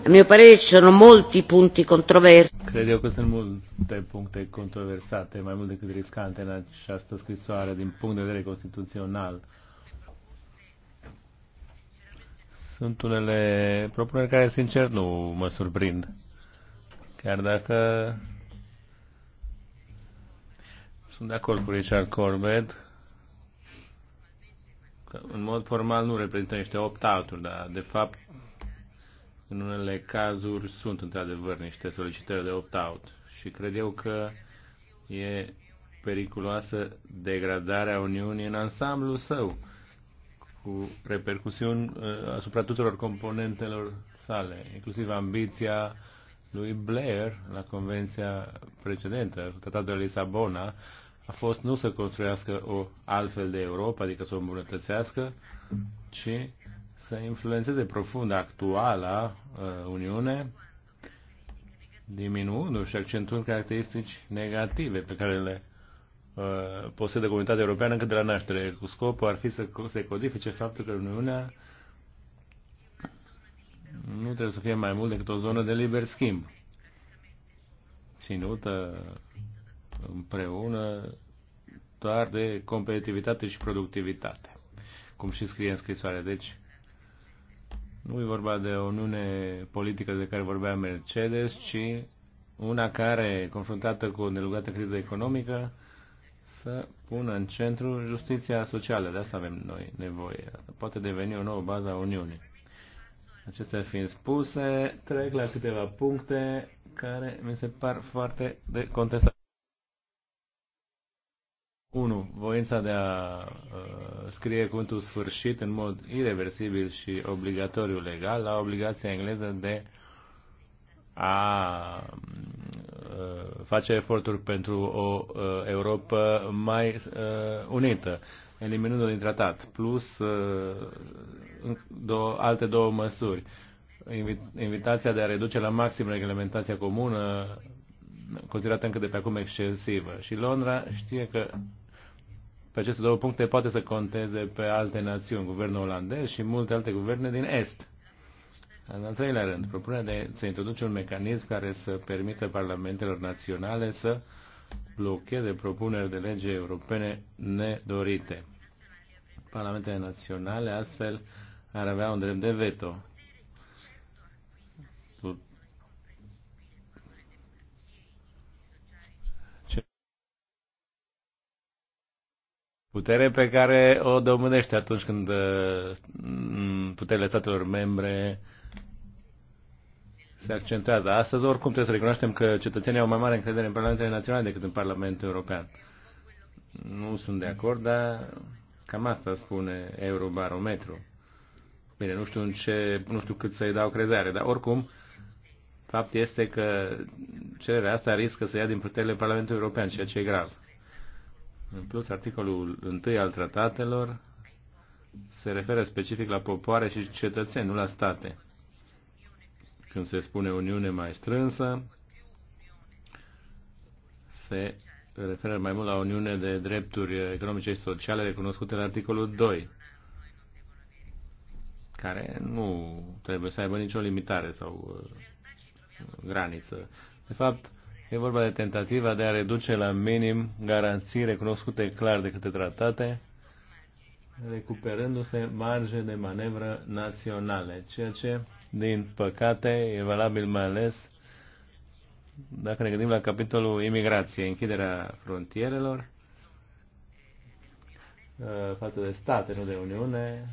A mio parere ci sono molti punti controversi. Cred eu că sunt multe puncte controversate, mai mult decât riscante în această scrisoare din punct de vedere constituțional. Sunt unele propuneri care, sincer, nu mă surprind. Chiar dacă sunt de acord cu Richard Corbett, că în mod formal nu reprezintă niște opt-out-uri, dar de fapt în unele cazuri sunt într-adevăr niște solicitări de opt-out și cred eu că e periculoasă degradarea Uniunii în ansamblu său cu repercusiuni uh, asupra tuturor componentelor sale, inclusiv ambiția lui Blair la convenția precedentă, tratatul de Lisabona, a fost nu să construiască o altfel de Europa, adică să o îmbunătățească, ci să influențeze profund actuala uh, Uniune, diminuându-și accentul caracteristici negative pe care le Uh, posedă comunitatea europeană încă de la naștere. Cu scopul ar fi să se codifice faptul că Uniunea nu trebuie să fie mai mult decât o zonă de liber schimb, ținută împreună doar de competitivitate și productivitate, cum și scrie în scrisoare. Deci, nu e vorba de o uniune politică de care vorbea Mercedes, ci una care, confruntată cu o nelugată criză economică, să pună în centru justiția socială. De asta avem noi nevoie. Asta poate deveni o nouă bază a Uniunii. Acestea fiind spuse, trec la câteva puncte care mi se par foarte de contestat. 1. Voința de a uh, scrie cuvântul sfârșit în mod irreversibil și obligatoriu legal la obligația engleză de a um, Uh, face eforturi pentru o uh, Europa mai uh, unită, eliminându-l din tratat, plus două, alte două măsuri. Invitația de a reduce la maxim reglementația comună, considerată încă de pe acum excesivă. Și Londra știe că pe aceste două puncte poate să conteze pe alte națiuni, guvernul olandez și multe alte guverne din Est. În al treilea rând, propunerea de să introduce un mecanism care să permită parlamentelor naționale să blocheze propuneri de lege europene nedorite. Parlamentele naționale astfel ar avea un drept de veto. Putere pe care o domânește atunci când mm, puterile statelor membre se accentuează. Astăzi, oricum, trebuie să recunoaștem că cetățenii au mai mare încredere în Parlamentele Naționale decât în Parlamentul European. Nu sunt de acord, dar cam asta spune Eurobarometru. Bine, nu știu, în ce, nu știu cât să-i dau crezare, dar oricum, fapt este că cererea asta riscă să ia din puterile Parlamentului European, ceea ce e grav. În plus, articolul 1 al tratatelor se referă specific la popoare și cetățeni, nu la state. Când se spune Uniune mai strânsă, se referă mai mult la Uniune de drepturi economice și sociale recunoscute în articolul 2, care nu trebuie să aibă nicio limitare sau uh, graniță. De fapt, e vorba de tentativa de a reduce la minim garanții recunoscute clar de către tratate, recuperându-se marge de manevră naționale, ceea ce din păcate, e valabil mai ales dacă ne gândim la capitolul imigrație, închiderea frontierelor uh, față de state, nu de Uniune,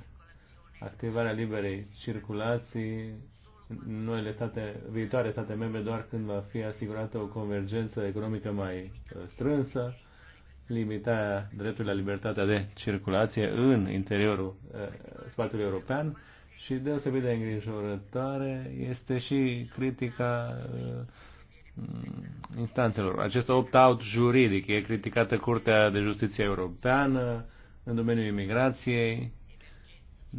activarea liberei circulații, noile state, viitoare state membre doar când va fi asigurată o convergență economică mai uh, strânsă, limitarea dreptului la libertatea de circulație în interiorul uh, spațiului european, și deosebit de îngrijorătoare este și critica uh, instanțelor. Acest opt-out juridic e criticată Curtea de Justiție Europeană în domeniul imigrației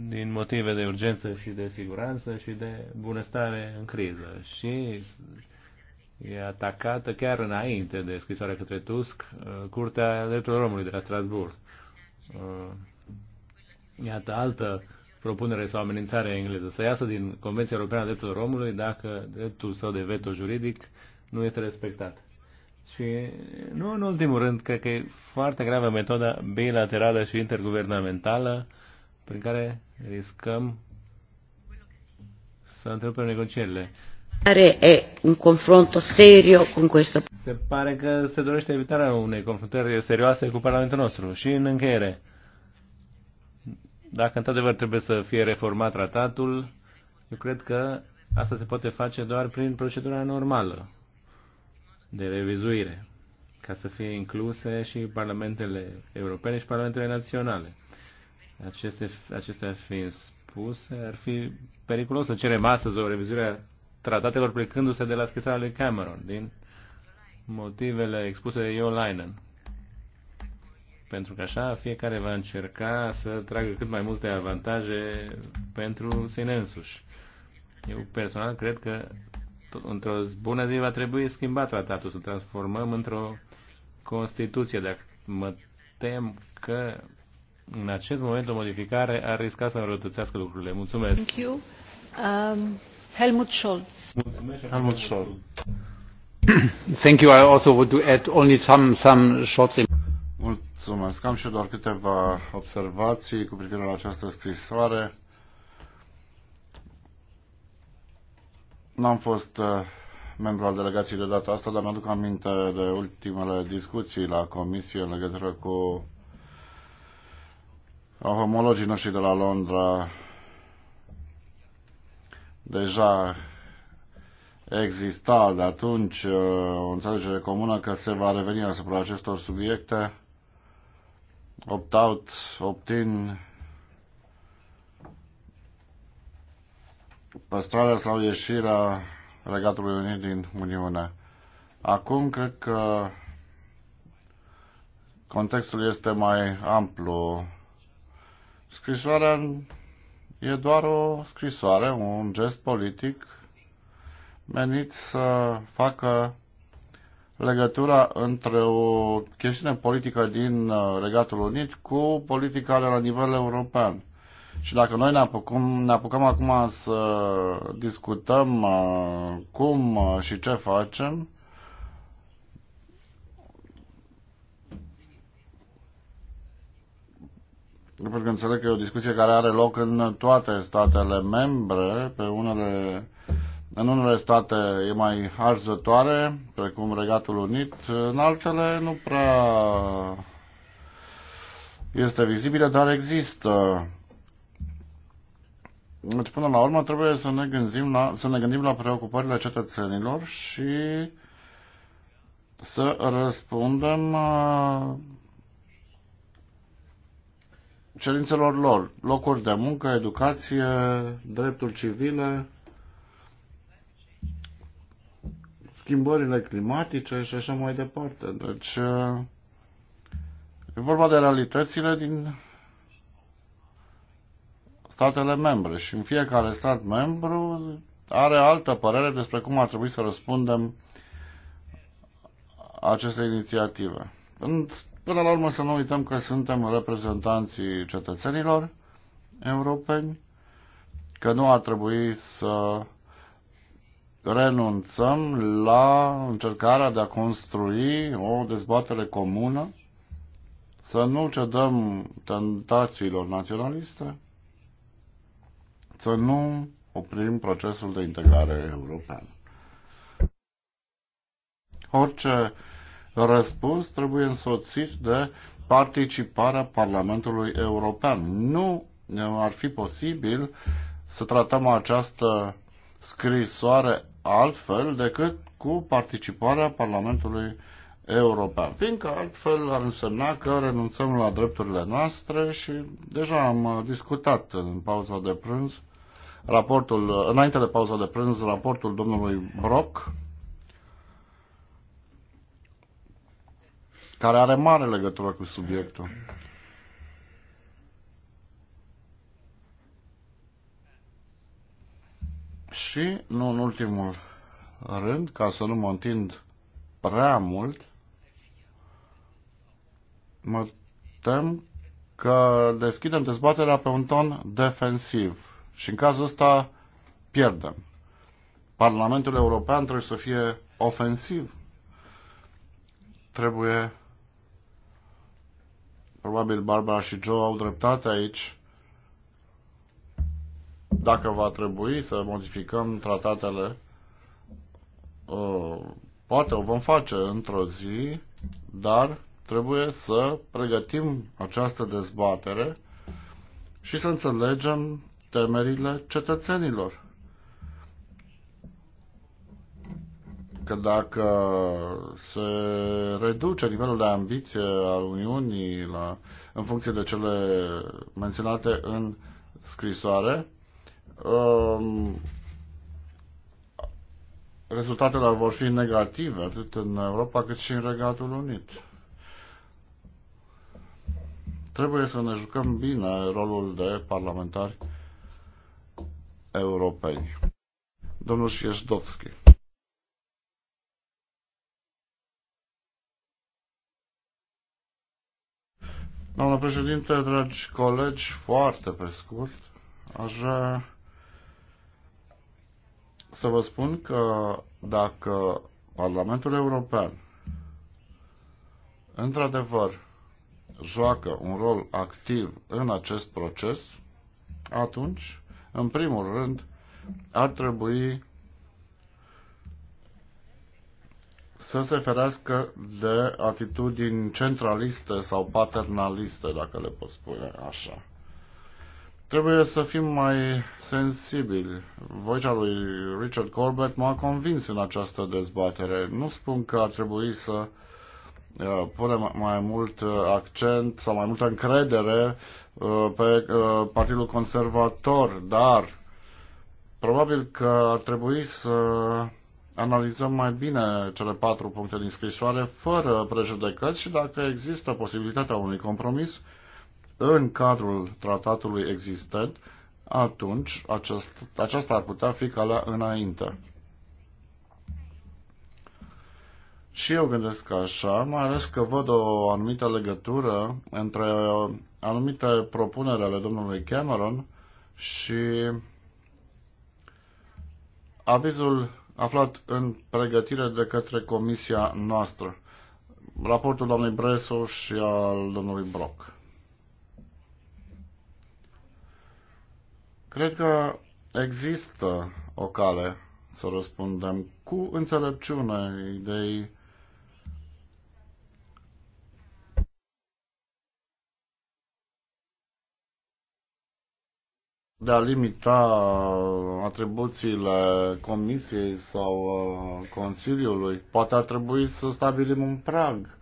din motive de urgență și de siguranță și de bunăstare în criză. Și e atacată chiar înainte de scrisoarea către Tusk, uh, Curtea Drepturilor Omului de la Strasburg. Uh, iată altă propunere sau amenințare engleză, să iasă din Convenția Europeană a Drepturilor Omului dacă dreptul său de veto juridic nu este respectat. Și nu în ultimul rând, cred că e foarte gravă metoda bilaterală și interguvernamentală prin care riscăm să întrerupem negocierile. Care e un confrunt serio cu questo. Se pare că se dorește evitarea unei confruntări serioase cu Parlamentul nostru. Și în încheiere, dacă într-adevăr trebuie să fie reformat tratatul, eu cred că asta se poate face doar prin procedura normală de revizuire, ca să fie incluse și parlamentele europene și parlamentele naționale. Aceste, acestea fiind spuse, ar fi periculos să cerem astăzi o revizuire a tratatelor plecându-se de la scrisoarea lui Cameron, din motivele expuse de Joe Linen pentru că așa fiecare va încerca să tragă cât mai multe avantaje pentru sine însuși. Eu personal cred că într-o bună zi va trebui schimbat tratatul, să transformăm într-o Constituție, dacă mă tem că în acest moment o modificare ar risca să înrăutățească lucrurile. Mulțumesc! Thank you. Um, Helmut Scholz. Mulțumesc, Helmut Scholz. Thank you. I also would to add only some, some short Mulțumesc. Am și eu doar câteva observații cu privire la această scrisoare. N-am fost uh, membru al delegației de data asta, dar mi-aduc aminte de ultimele discuții la comisie în legătură cu homologii noștri de la Londra. Deja exista de atunci uh, o înțelegere comună că se va reveni asupra acestor subiecte opt-out, opt-in, păstrarea sau ieșirea Regatului Unit din Uniune. Acum cred că contextul este mai amplu. Scrisoarea e doar o scrisoare, un gest politic menit să facă legătura între o chestiune politică din uh, Regatul Unit cu politica la nivel european. Și dacă noi ne apucăm, ne apucăm acum să discutăm uh, cum uh, și ce facem, pentru că înțeleg că e o discuție care are loc în toate statele membre, pe unele în unele state e mai arzătoare, precum Regatul Unit, în altele nu prea este vizibilă, dar există. Deci, până la urmă, trebuie să ne gândim la, să ne gândim la preocupările cetățenilor și să răspundem uh, cerințelor lor. Locuri de muncă, educație, drepturi civile, schimbările climatice și așa mai departe. Deci e vorba de realitățile din statele membre și în fiecare stat membru are altă părere despre cum ar trebui să răspundem aceste inițiative. Până la urmă să nu uităm că suntem reprezentanții cetățenilor europeni, că nu ar trebui să renunțăm la încercarea de a construi o dezbatere comună, să nu cedăm tentațiilor naționaliste, să nu oprim procesul de integrare europeană. Orice răspuns trebuie însoțit de participarea Parlamentului European. Nu ar fi posibil să tratăm această scrisoare altfel decât cu participarea Parlamentului European, fiindcă altfel ar însemna că renunțăm la drepturile noastre și deja am discutat în pauza de prânz raportul, înainte de pauza de prânz, raportul domnului Brock, care are mare legătură cu subiectul. Și, nu în ultimul rând, ca să nu mă întind prea mult, mă tem că deschidem dezbaterea pe un ton defensiv și în cazul ăsta pierdem. Parlamentul European trebuie să fie ofensiv. Trebuie probabil Barbara și Joe au dreptate aici dacă va trebui să modificăm tratatele, uh, poate o vom face într-o zi, dar trebuie să pregătim această dezbatere și să înțelegem temerile cetățenilor. Că dacă se reduce nivelul de ambiție al Uniunii la, în funcție de cele menționate în scrisoare, Um, rezultatele vor fi negative, atât în Europa cât și în Regatul Unit. Trebuie să ne jucăm bine rolul de parlamentari europeni. Domnul Șieșdovski. Doamnă președinte, dragi colegi, foarte pe scurt, aș vrea să vă spun că dacă Parlamentul European într-adevăr joacă un rol activ în acest proces, atunci, în primul rând, ar trebui să se ferească de atitudini centraliste sau paternaliste, dacă le pot spune așa. Trebuie să fim mai sensibili. Vocea lui Richard Corbett m-a convins în această dezbatere. Nu spun că ar trebui să uh, punem mai mult uh, accent sau mai multă încredere uh, pe Partidul Conservator, dar probabil că ar trebui să analizăm mai bine cele patru puncte din scrisoare fără prejudecăți și dacă există posibilitatea unui compromis, în cadrul tratatului existent, atunci acest, aceasta ar putea fi calea înainte. Și eu gândesc așa, mai ales că văd o anumită legătură între anumite propuneri ale domnului Cameron și avizul aflat în pregătire de către comisia noastră, raportul doamnei Bresu și al domnului Brock. Cred că există o cale să răspundem cu înțelepciune idei de a limita atribuțiile Comisiei sau uh, Consiliului. Poate ar trebui să stabilim un prag.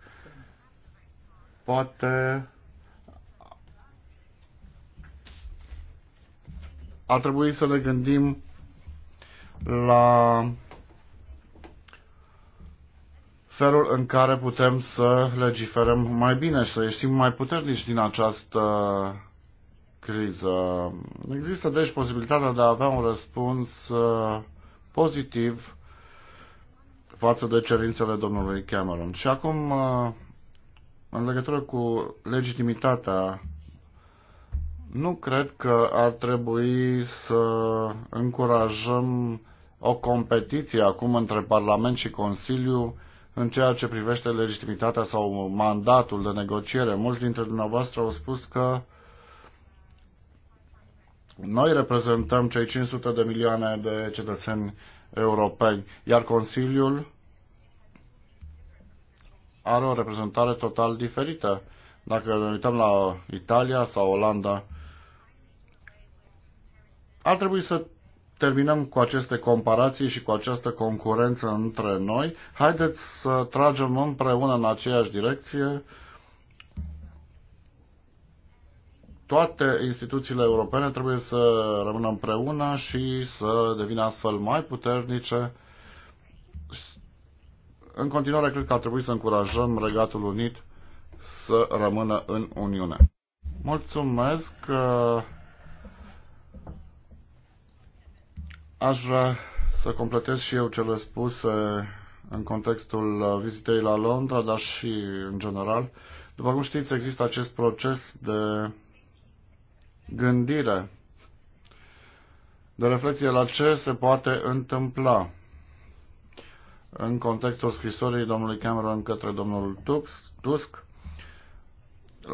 Poate ar trebui să ne gândim la felul în care putem să legiferăm mai bine și să ieșim mai puternici din această criză. Există deci posibilitatea de a avea un răspuns uh, pozitiv față de cerințele domnului Cameron. Și acum, uh, în legătură cu legitimitatea nu cred că ar trebui să încurajăm o competiție acum între Parlament și Consiliu în ceea ce privește legitimitatea sau mandatul de negociere. Mulți dintre dumneavoastră au spus că noi reprezentăm cei 500 de milioane de cetățeni europeni, iar Consiliul are o reprezentare total diferită. Dacă ne uităm la Italia sau Olanda, ar trebui să terminăm cu aceste comparații și cu această concurență între noi. Haideți să tragem împreună în aceeași direcție toate instituțiile europene trebuie să rămână împreună și să devină astfel mai puternice. În continuare, cred că ar trebui să încurajăm Regatul Unit să rămână în Uniune. Mulțumesc! Uh, Aș vrea să completez și eu cele spuse în contextul vizitei la Londra, dar și în general. După cum știți, există acest proces de gândire, de reflexie la ce se poate întâmpla în contextul scrisorii domnului Cameron către domnul Tusk,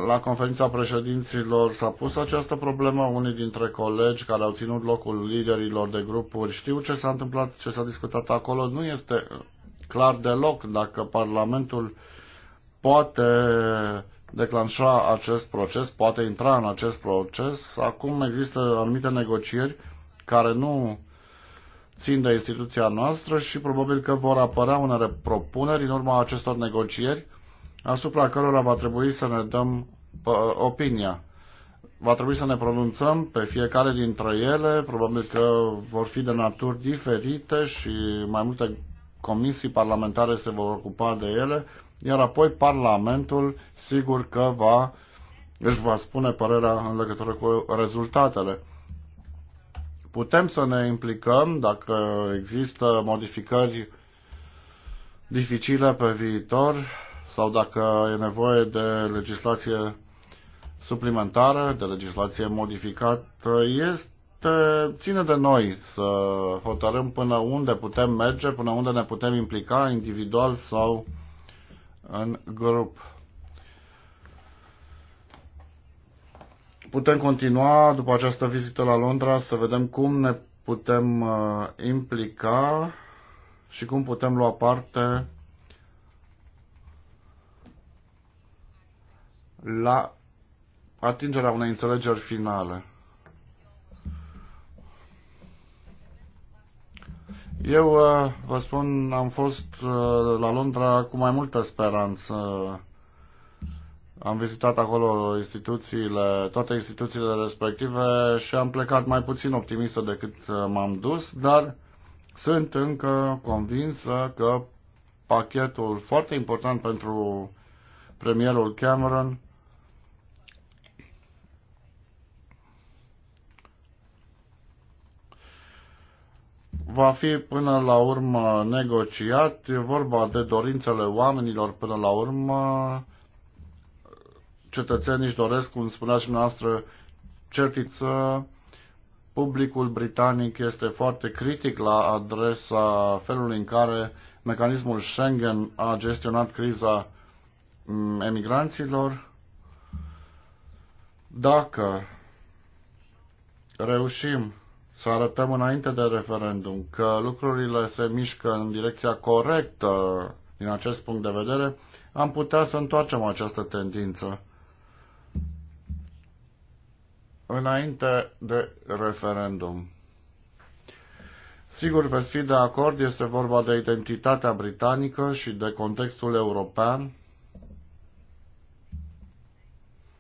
la conferința președinților s-a pus această problemă. Unii dintre colegi care au ținut locul liderilor de grupuri știu ce s-a întâmplat, ce s-a discutat acolo. Nu este clar deloc dacă Parlamentul poate declanșa acest proces, poate intra în acest proces. Acum există anumite negocieri care nu țin de instituția noastră și probabil că vor apărea unele propuneri în urma acestor negocieri asupra cărora va trebui să ne dăm opinia. Va trebui să ne pronunțăm pe fiecare dintre ele, probabil că vor fi de naturi diferite și mai multe comisii parlamentare se vor ocupa de ele, iar apoi Parlamentul sigur că va, își va spune părerea în legătură cu rezultatele. Putem să ne implicăm dacă există modificări dificile pe viitor, sau dacă e nevoie de legislație suplimentară, de legislație modificată, este ține de noi să hotărâm până unde putem merge, până unde ne putem implica individual sau în grup. Putem continua după această vizită la Londra să vedem cum ne putem uh, implica și cum putem lua parte la atingerea unei înțelegeri finale. Eu uh, vă spun, am fost uh, la Londra cu mai multă speranță. Am vizitat acolo instituțiile, toate instituțiile respective și am plecat mai puțin optimistă decât uh, m-am dus, dar sunt încă convinsă că pachetul foarte important pentru premierul Cameron va fi până la urmă negociat. E vorba de dorințele oamenilor până la urmă. Cetățenii își doresc, cum spunea și noastră, certiță. Publicul britanic este foarte critic la adresa felului în care mecanismul Schengen a gestionat criza mm, emigranților. Dacă reușim să arătăm înainte de referendum că lucrurile se mișcă în direcția corectă din acest punct de vedere, am putea să întoarcem această tendință înainte de referendum. Sigur, veți fi de acord, este vorba de identitatea britanică și de contextul european.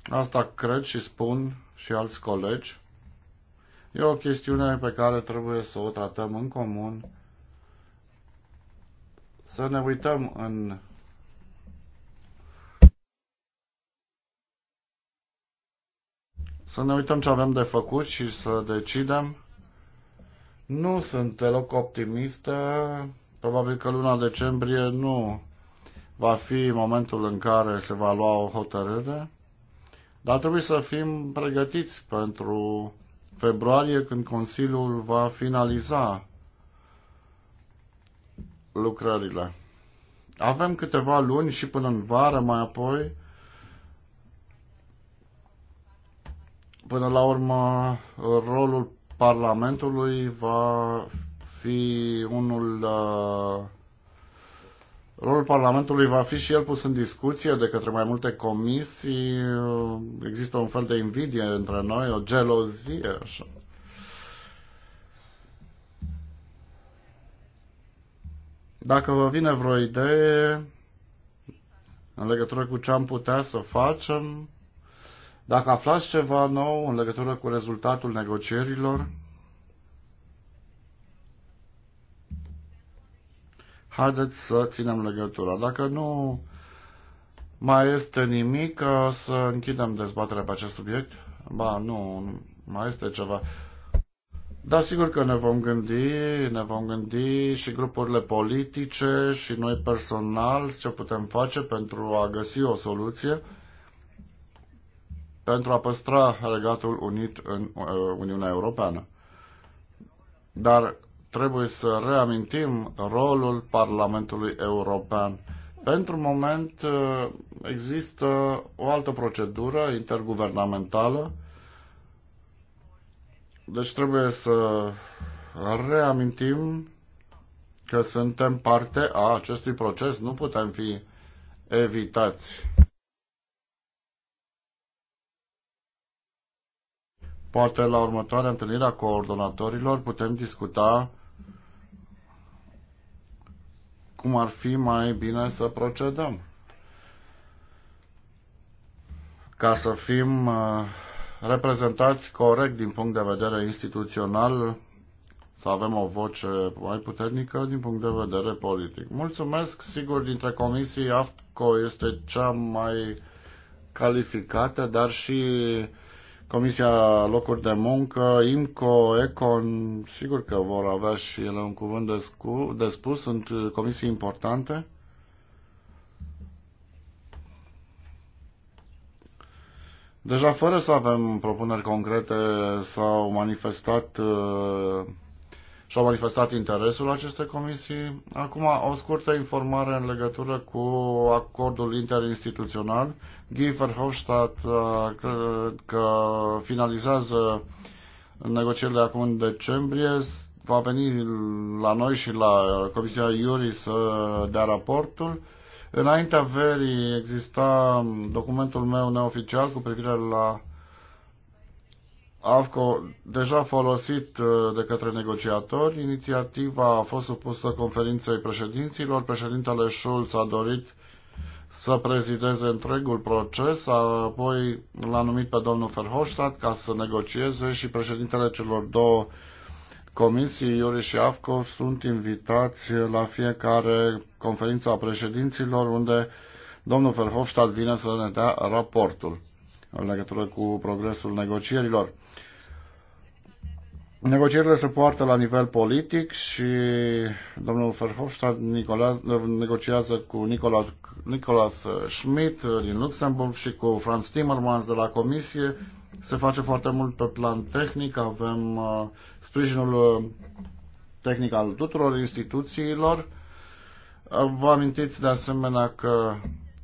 Asta cred și spun și alți colegi. E o chestiune pe care trebuie să o tratăm în comun, să ne uităm în să ne uităm ce avem de făcut și să decidem. Nu sunt deloc optimistă. Probabil că luna decembrie nu va fi momentul în care se va lua o hotărâre, dar trebuie să fim pregătiți pentru februarie, când Consiliul va finaliza lucrările. Avem câteva luni și până în vară mai apoi. Până la urmă, rolul Parlamentului va fi unul uh, Rolul Parlamentului va fi și el pus în discuție de către mai multe comisii. Există un fel de invidie între noi, o gelozie, așa. Dacă vă vine vreo idee în legătură cu ce am putea să facem, dacă aflați ceva nou în legătură cu rezultatul negocierilor, haideți să ținem legătura. Dacă nu mai este nimic, să închidem dezbaterea pe acest subiect. Ba, nu, mai este ceva. Da, sigur că ne vom gândi, ne vom gândi și grupurile politice și noi personal ce putem face pentru a găsi o soluție pentru a păstra Regatul Unit în uh, Uniunea Europeană. Dar trebuie să reamintim rolul Parlamentului European. Pentru moment uh, există o altă procedură interguvernamentală, deci trebuie să reamintim că suntem parte a acestui proces, nu putem fi evitați. Poate la următoarea întâlnire a coordonatorilor putem discuta cum ar fi mai bine să procedăm. Ca să fim uh, reprezentați corect din punct de vedere instituțional, să avem o voce mai puternică din punct de vedere politic. Mulțumesc, sigur, dintre comisii AFCO este cea mai calificată, dar și Comisia Locuri de Muncă, IMCO, ECON, sigur că vor avea și ele un cuvânt de, scu- de spus, sunt comisii importante. Deja fără să avem propuneri concrete s-au manifestat uh, și-au manifestat interesul acestei comisii. Acum, o scurtă informare în legătură cu acordul interinstituțional. Guy Verhofstadt uh, cred că finalizează negocierile acum în decembrie. Va veni la noi și la Comisia Iuri să dea raportul. Înaintea verii exista documentul meu neoficial cu privire la AFCO deja folosit uh, de către negociatori. Inițiativa a fost supusă conferinței președinților. Președintele Schulz a dorit să prezideze întregul proces, apoi l-a numit pe domnul Verhofstadt ca să negocieze și președintele celor două comisii, Iuri și AFCO, sunt invitați la fiecare conferință a președinților unde domnul Verhofstadt vine să ne dea raportul în legătură cu progresul negocierilor. Negocierile se poartă la nivel politic și domnul Verhofstadt negociază cu Nicolas, Nicolas Schmidt din Luxemburg și cu Franz Timmermans de la Comisie. Se face foarte mult pe plan tehnic, avem uh, sprijinul uh, tehnic al tuturor instituțiilor. Vă amintiți de asemenea că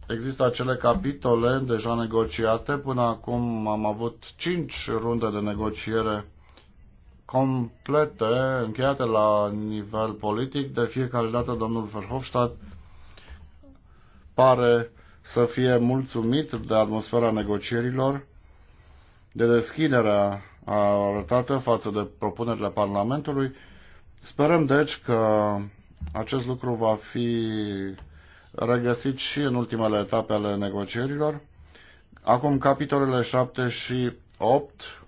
Există acele capitole deja negociate. Până acum am avut cinci runde de negociere complete, încheiate la nivel politic. De fiecare dată domnul Verhofstadt pare să fie mulțumit de atmosfera negocierilor, de deschiderea arătată față de propunerile Parlamentului. Sperăm deci că acest lucru va fi regăsit și în ultimele etape ale negocierilor. Acum, capitolele 7 și 8,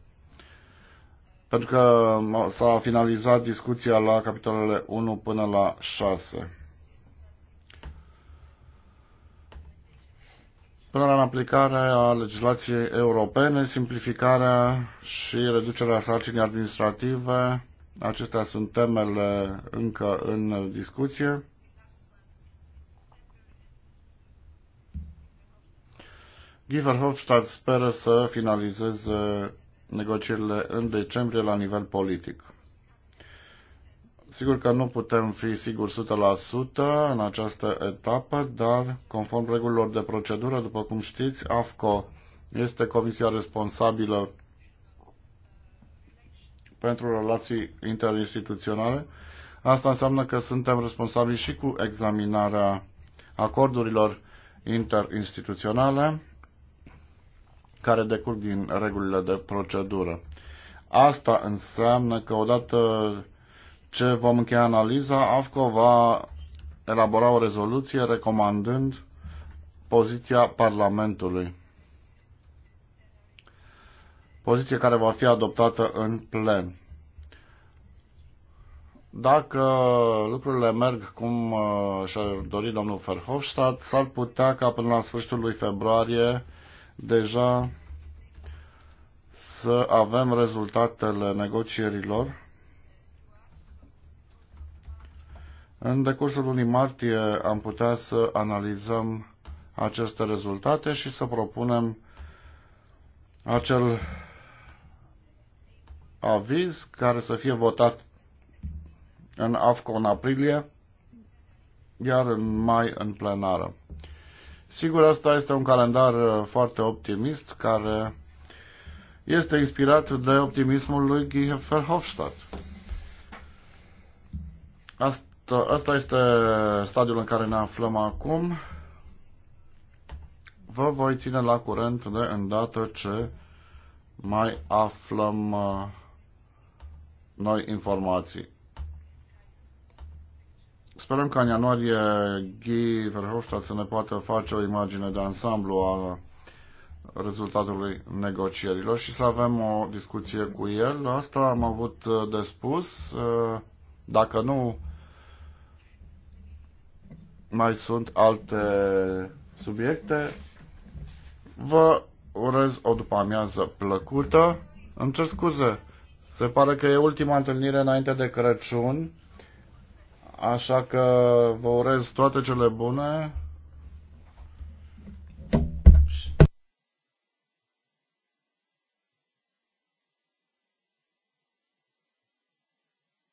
pentru că s-a finalizat discuția la capitolele 1 până la 6. Până la aplicarea legislației europene, simplificarea și reducerea sarcinii administrative, acestea sunt temele încă în discuție. Guy Verhofstadt speră să finalizeze negocierile în decembrie la nivel politic. Sigur că nu putem fi siguri 100% în această etapă, dar conform regulilor de procedură, după cum știți, AFCO este comisia responsabilă pentru relații interinstituționale. Asta înseamnă că suntem responsabili și cu examinarea acordurilor interinstituționale care decurg din regulile de procedură. Asta înseamnă că odată ce vom încheia analiza, AFCO va elabora o rezoluție recomandând poziția Parlamentului. Poziție care va fi adoptată în plen. Dacă lucrurile merg cum uh, și-ar dori domnul Verhofstadt, s-ar putea ca până la sfârșitul lui februarie deja să avem rezultatele negocierilor. În decursul lunii martie am putea să analizăm aceste rezultate și să propunem acel aviz care să fie votat în AFCO în aprilie, iar în mai în plenară. Sigur, asta este un calendar uh, foarte optimist care este inspirat de optimismul lui Guy Hofstadt. Asta, asta este stadiul în care ne aflăm acum. Vă voi ține la curent de îndată ce mai aflăm uh, noi informații. Sperăm că în ianuarie Guy Verhofstadt să ne poată face o imagine de ansamblu a rezultatului negocierilor și să avem o discuție cu el. Asta am avut uh, de spus. Uh, dacă nu, mai sunt alte subiecte. Vă urez o după amiază plăcută. Îmi cer scuze, se pare că e ultima întâlnire înainte de Crăciun. Așa că vă urez toate cele bune